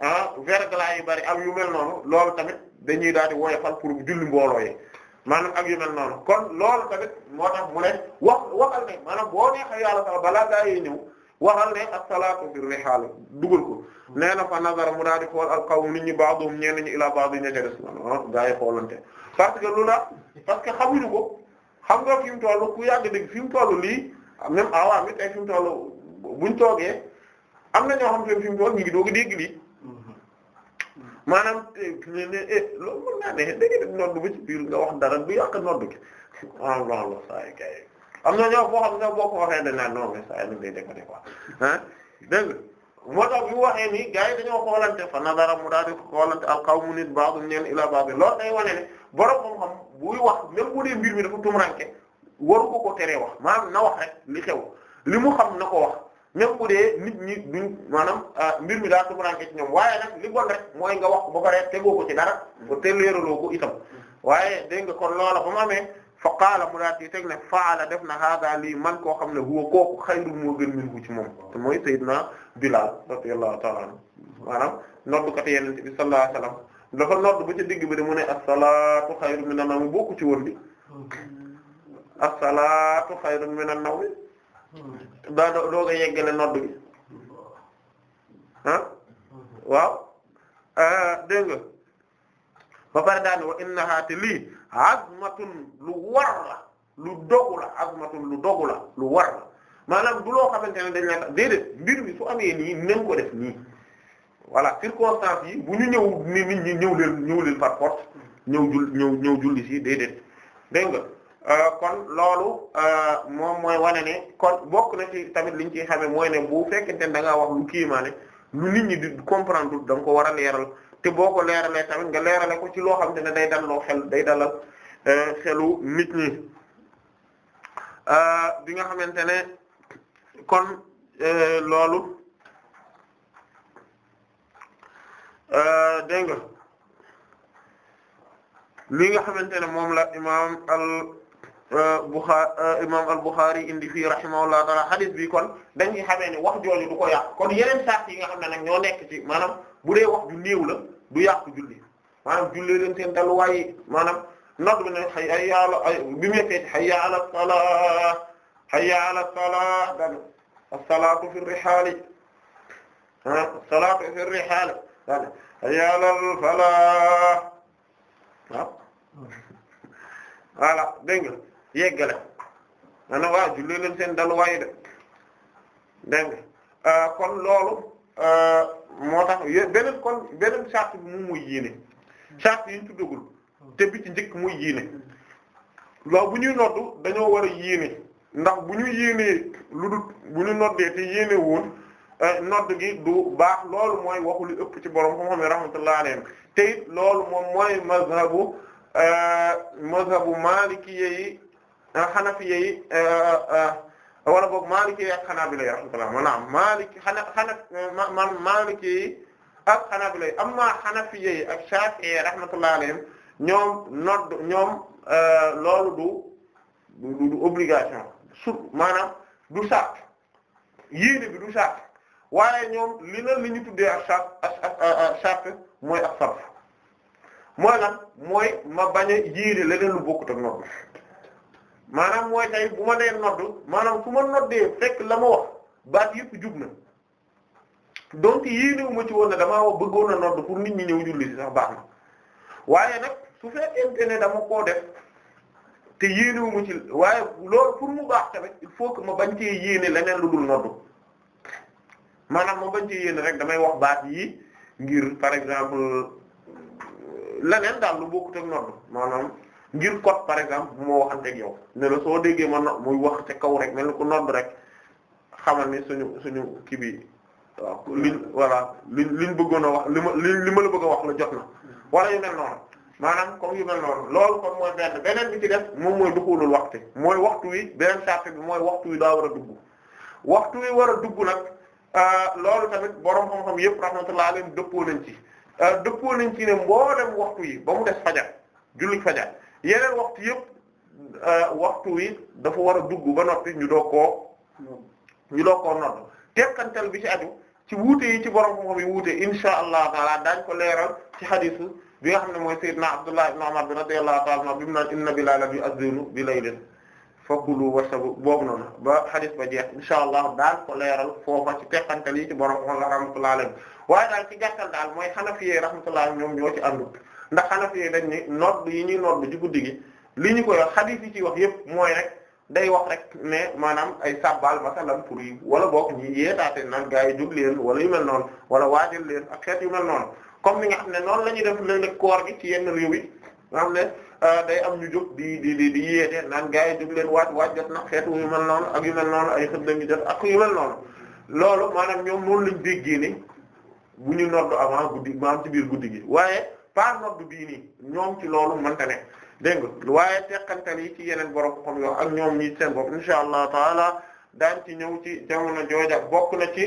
ah verglas yu bëri am yu mel noonu loolu tamit dañuy daal di woyofal pour julli mbooloo yi maanaam ak yu mel noonu kon loolu tamit moo tax mu ne wax waxal ne maanaam boo neexee yàlla sax balaa gaa yi ñëw waxal ne as-salaatu bir rihaal dugal ko hmm. nee na fa nazara mu daal di xool al qawm nit ñi ba'dhum ñenn ñi ila ba'd ña des maanaam gaa yi xoolante parce que lu la parce que xamuñu ko xam nga fi mu ku yàgg dégg fi mu toll lii même awaam mi tey fi mu buñ toogee am na ñoo xam te fi mu doog a lii. maanaam ne eh, ne eh, eh, loolu mën naa ne da def nodd ba ci biir nga wax dara bu yàq nodd gi ah, am na ñoo boo xam ne boo ko waxee dañ naan non mais saa yi dañ lay déconné quoi ah dégg nga moo tax bi mu waxee nii gars yi dañoo xoolante fa nadara mu daal xoolante al qawmu nit ba'dhum ñeen ila ba'd loolu day wane ne borom xam-xam buy wax même bu dee mbir mi dafa tumranke waru ko ko teree wax maanaam na wax rek li xew li mu xam na ko wax même bu dee nit ñi maanaam ah, mbir mi daa tumuraanke ci ñoom waaye nag li bon rek mooy nga wax ba ko rek tegoo ko ci dara ba te leeraloo ko itam waaye dégg nga kon loola ba mu amee fa qaala mu daat yi teg ne faala def na hada lii man koo xam ne huwa kooku xayrul moo gën min hu ci moom te mooy sayyidna Bilaal radiyallahu ta'ala anhu maanaam noddukat yenente bi sallallahu alayhi wasallam dafa nodd ba ci digg bi de mu ne as-salaatu xayrun minan nawm bokku ci woon bi as-salaatu xayrun minan nawm daa doo ko yeggale nodd bi ah waaw eh, dégg nga ba pare daani wa innaha te lii azmatun lu war la lu dogu la azmatun lu dogu la lu war la maanaam du loo xamante ne dañ la tax déedéet mbir mi su amee nii nañ ko def nii voilà circonstance yi bu ñu ñëw ni ñëw leen ñëw leen par force ñëw jul ñëw ñëw julli si déedéet dégg nga Euh, kon loolu euh, moom mooy wane ne kon bokk na tamit liñ ciy xamee mooy ne bu fekkente ne da ngaa wax lu kiimaane lu nit ñi di comprendre da nga ko war a leeral te boo ko leeralee tamit nga leerale ko ci loo xam ne day dalloo xel day dalal euh, xelu nit ñi bi nga xamante ne kon loolu dégg nga li nga xamante ne moom la imaam Euh, Bukhari euh, imam al-Bukhari indi fii rahimahullah taala hadith bi kon dañuy xamee ne wax jooju du ko yàq kon yeneen sart yi nga xam ne nag ñoo nekk ci maanaam bu dee wax ju néew la du yàq julli maanaam jullee leen seen dalluwaay yi maanaam nodd bi bi mu yekkee hayya ala salah hayya fi rihaali ah ala falah yeggale ana waaw jullee leen seen daluwaay de dégg euh, kon loolu euh, moo tax beneen kon beneen charte bi moom mooy yéene charte yi ñu tuddagul te bi ci njëkk muy yéene loolu bu ñuy noddu dañoo war a yéene ndax bu ñu yéenee lu dul bu ñu noddee te yéene woon euh, nodd gi du baax loolu mooy waxu ëpp ci borom xam xam ne rahmatullah alayhim loolu moom mooy mazhabu mazhabu maalikiyyi Hanafiya yi eh, eh, wala boog Maliki ak Hanabila yi rahmatullah maanaam Maliki xana xana maanaam Maliki yi ak Hanabila yi amma Hanafiya yi ak Shafi'i rahmatullah alayhim ñoom nodd ñoom eh, loolu du du obligation su maanaam du sart yéene bi du sart waaye ñoom li na li ñu tuddee ak sart ak sart mooy ak sarf mooy lan mooy ma bañ a yéene leneen lu bokkut ak nodd maanaam mooy tey bu ma nee nodd maanaam su ma noddee fekk la ma wax baat yëpp jub na donc yéenewu ma ci woon ne damaa wax bëggoon a nodd pour nit ñi ñëw julli si sax baax na waaye nag su fekkente ne mu koo def te yéenewu ma ci waaye loolu pour mu baax tamit il faut que ma bañ cee yéene leneen lu dul nodd maanaam ma bañ cee yéene rek damay wax baat yi ngir par exemple euh, leneen daal lu bokkut ak nodd maanaam ngir kot par exemple bu ma waxanteeg yow ne la soo déggee ma no muy wax te kaw rek mel ni ku nodd rek xamal ni suñu suñu kii bi waaw liñ voilà liñ liñ bëggoon a wax li ma li ma la bëgg a wax la jot na wala yu mel noonu maanaam comme yu mel noonu loolu kon mooy benn beneen bi ci def moom mooy duxulul waxtu mooy waxtu wi beneen charte bi mooy waxtu wi daa war a dugg waxtu wi war a dugg nag euh, loolu tamit borom xam-xam yëpp rahmatullah alayhim dëppoo nañ ci euh, dëppoo nañ ci ne mboolem waxtu yi ba mu des fajar julli yeneen waxtu yëpp euh, waxtu wi dafa war a dugg ba noppi ñu doog koo hmm. ñu doog koo nodd tekkantal bi ci aju ci wuute yi ci borom xam-xam yi wuute insha allah taala daañ ko leeral ci xadisu bi nga xam ne mooy na sayyidna Abdullah ibn Umar bi radiyallahu ta'ala anhu bi mu naan inna Bilalan yu'adhdhinu bi laylin fakulu washrabu boobu noonu ba xadis ba jeex insha allah daan ko leeral foofa ci tekkantal yi ci borom xam-xam rahmatullahi alayhi waaye daal ci gàttal daal mooy Hanafi rahmatullahi ñoom ñoo ci àndu ndax xanafi yi dañ ni nodd yi ñuy nodd ci guddi gi li ñu koy wax xadiis yi ci wax yëpp mooy rek day wax rek ne maanaam ay sabbal masalan pour yi wala boog ñi yeetaate naan gaa yi jóg leen wala yu mel noonu wala waajal leen ak xeet yu mel noonu comme ni nga xam ne noonu la ñuy def léeg-léeg koor gi ci yenn réew yi xam ne euh, day am ñu jóg di di di di yeete naan gaa yi leen waaj waaj jot na xeetu yu mel noonu ak yu mel noonu ay xëddam ngi jot ak yu mel noonu loolu maanaam ñoom loolu lañu déggee ni bu ñu nodd avant guddi maanaam ci biir guddi gi waaye par nodd bii nii ñoom ci loolu mënta ne dégg nga waaye teqantal yi ci yeneen borom xam yoo ak ñoom ñi seen bopp insha allah taala daan ci ñëw ci jamono jooja bokk na ci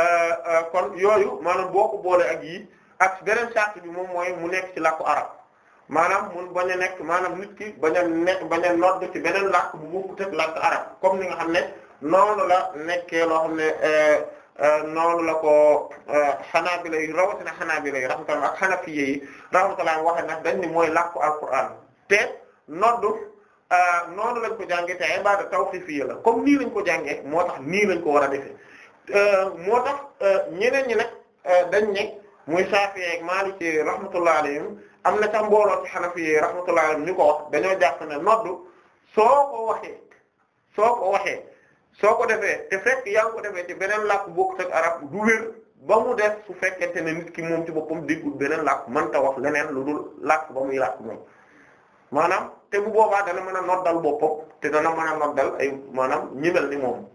euh, euh, kon yooyu maanaam boo ko boole ak yi ak beneen charte bi moom mooy mu nekk ci làkku arab maanaam mun bañ nekk maanaam nit ki bañ a nekk bañ a nodd ci beneen làkk bu bokkut ak làkk arab comme ni nga xam ne noonu la nekkee loo xam ne euh, Euh, noonu la ko xanaabila euh, yi rawatina xanaabila yi rahmatullah ak xanafiye yi rahmatullah waxe nag dañ ni mooy làkku alquran te noddu euh, noonu lañ ko jànge te ibaada tawqiifiyya la comme nii lañ ko jànge moo tax nii lañ ko war a defe moo tax ñeneen ñi nag dañ ne muy Saafi'i ak Maaliki rahmatullah alayhim am na ca mbooloo ci xanafiye rahmatullah alayhim ñu ko wax dañoo jàpp ne noddu soo ko waxee soo ko waxee soo ko defee te fekk yaa ko defee ci beneen làkk bokkut ak arab du wér ba mu def su fekkente ne nit ki moom ci boppam déggul beneen làkk mënta wax leneen lu dul làkk ba muy làkk moom maanaam te bu boobaa dana mën a noddal boppam te dana mën a noddal ay maanaam ñi mel ni moom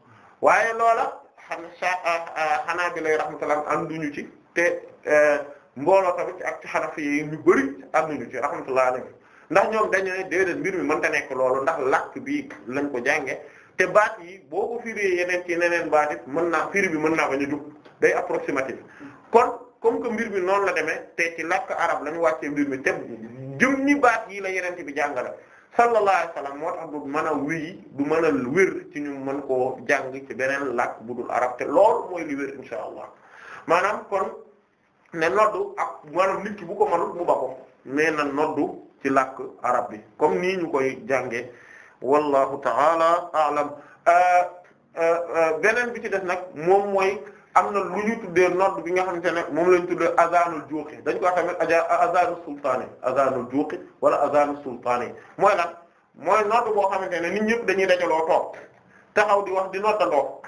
waaye loola xanaa ah, ah, bi lay rahmatullah ñu ci te eh, mbooloo tamit ak ci xanafi yi ñu bari ñu ci rahmatullah alayhi ndax ñoom dañu ne mbir mi mënta nekk loolu ndax làkk bi lañ ko jànge te baat yi boo ko firee yeneen ci neneen baat it mën naa firi bi mën naa bañ a jub day approximatif kon comme que mbir bi noonu la demee te ci lakk arab la ñu wàccee mbir mi te jëm ñi baat yi la yeneen bi jàngale sallallahu alayhi wasallam moo tax du man a wéy du mën a wér ci ñu mën koo jàng ci beneen làkk bu dul arab te loolu mooy li wér insha allah maanaam kon ne noddu ak maanaam nit bu ko mënul mu ba ko mais na noddu ci làkk arab bi comme nii ñu koy jàngee. wallahu taala alam euh, euh, euh, beneen bi ci def nag moom mooy am na lu ñu tuddee nodd bi nga xamante ne moom la ñu tuddee azanul juuqi dañ ko wax tamit a azanul sultaani azanul juuqi wala azanul moo mooy nag mooy nodd boo xamante ne nit ñëpp dañuy dajaloo toog taxaw di wax di noddandoo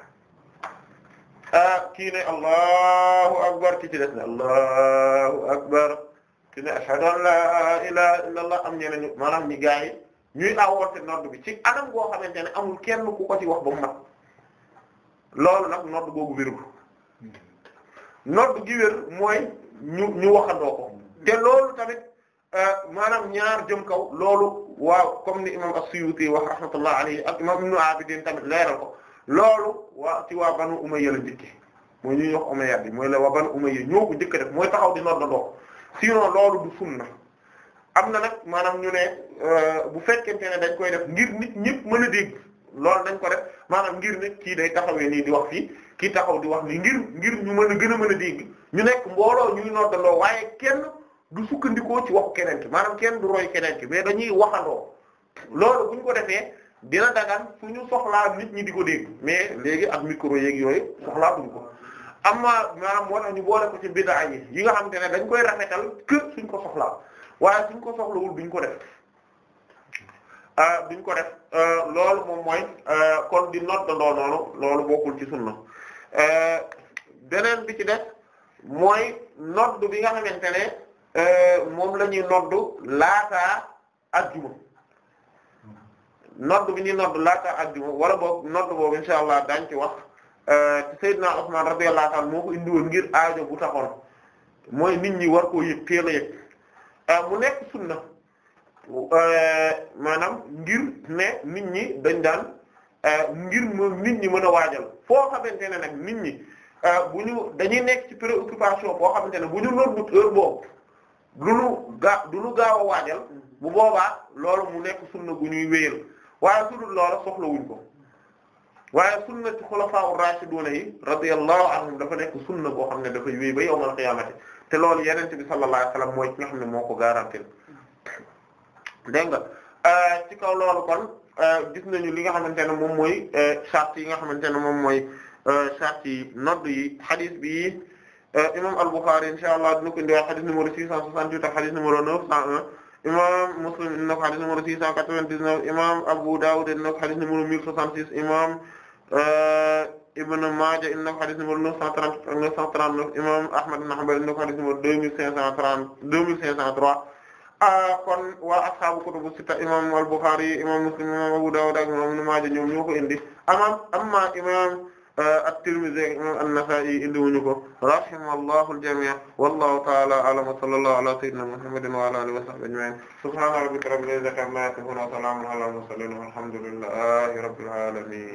kii ne allahu akbar ki ci des ne allahu akbar ki ne ashhadu la ilaha illa allah am ñeneen maanaam ñi gaay ñuy laa woote nodd bi ci anam goo xamante ne amul kenn ku ko ci wax ba mu mat loolu nag nodd googu wérul nodd gi wér mooy ñu ñu waxandoo ko te loolu tamit euh, maanaam ñaar jëm kaw loolu waaw comme ni imam as-Suyuti wax rahmatullah alayhi ak imam Ibn Abidin tamit leeral ko loolu waa ci waa banu Umayya la njëkke mooy ñuy wax Umayya bi mooy la waa banu Umayya ñoo ko njëkk def mooy taxaw di noddandoo sinon loolu du sunna am na nag maanaam ñu ne euh, bu fekkente ne dañ koy def ngir nit ñi mën a dégg lool nañ ko def maanaam ngir ne kii day taxawee nii di wax fii kii taxaw di wax nii ngir ngir ñu mën a gën a mën a dégg ñu nekk mbooloo ñuy noddandoo waaye kenn du sukkandikoo ci wax keneen ki maanaam kenn du roy keneen ki mais dañuy waxandoo loolu bu ñu ko defee dina dagan suñu soxlaa nit ñi di ko dégg mais léegi ak micro yeeg yooyu soxlaa duñ ko am amma maanaam moo tax ñu boole ko ci bid'a yi nga xam te ne dañ koy rafetal que suñ ko soxlaa waaye suñ ko soxlawul duñ ko def ah, duñ ko def ah, loolu moom mooy ah, kon di noddandoo noonu loolu bokkul ci sunna beneen bi ci def mooy nodd bi nga xamante ne moom la ñuy nodd laataa ajjuma nodd bi ñuy nodd laataa ajjuma wala boog nodd boobu insha allah dañ ci wax ci Seydina Usman radiyallahu anhu moo ko indiwoon ngir aajo bu taxoon mooy nit ñi war koo yëg teel a Euh, mu nekk sunna euh, maanaam ngir ne nit ñi dañ daan euh, ngir moom nit ñi mën a waajal foo xamante ne nag nit ñi bu ñu dañuy nekk ci préoccupation boo xamante ne bu ñu noddut heure boobu du lu ga du lu gaaw a waajal bu boobaa loolu mu nekk sunna gu ñuy wéyal waaye su dul loola soxlawuñ ko waaye sunna ci xulafaa ur-raashiduna yi radiyallahu anhum dafa nekk sunna boo xam ne dafay wéy ba yawmal qiyaamati te loolu yenente bi sallallahu alayhi mooy ki nga ne moo ko garanti dégg nga euh, ci kaw loolu kon euh, gis nañu li nga xamante ne moom mooy euh, charte yi nga xamante ne moom mooy charte yi nodd yi bi imam al-Bukhari insha Allah dina ko indi waa hadith numéro 668 ak hadith numéro 901 imam Muslim dina ko hadith numéro 699 imam Abu Dawud dina ko hadith numéro 1066 imam Ibn Maaja indi na ko xadis numéro neuf cent trente ak neuf cent trente neuf imam Ahmad ibn Hanbal indi na ko xadis numéro deux mille cinq cent trente deux mille cinq cent trois ah, kon waa ashaabu kutubu sitta imam al-Bukhari imam Muslim imam Abu Dawud ak imam Ibn Maaja ñoom ñoo ko indi amam amma imam eh, at-Tirmidhi ak imam an-Nasa'i indi wuñu ko rahimallahu al-jami' wallahu ta'ala a'lam wa sallallahu ala sayyidina Muhammadin wa ala alihi wa sahbihi ajma'in subhana rabbika rabbil izzati amma yasifun wa salamun ala al-mursalin walhamdulillahi rabbil alamin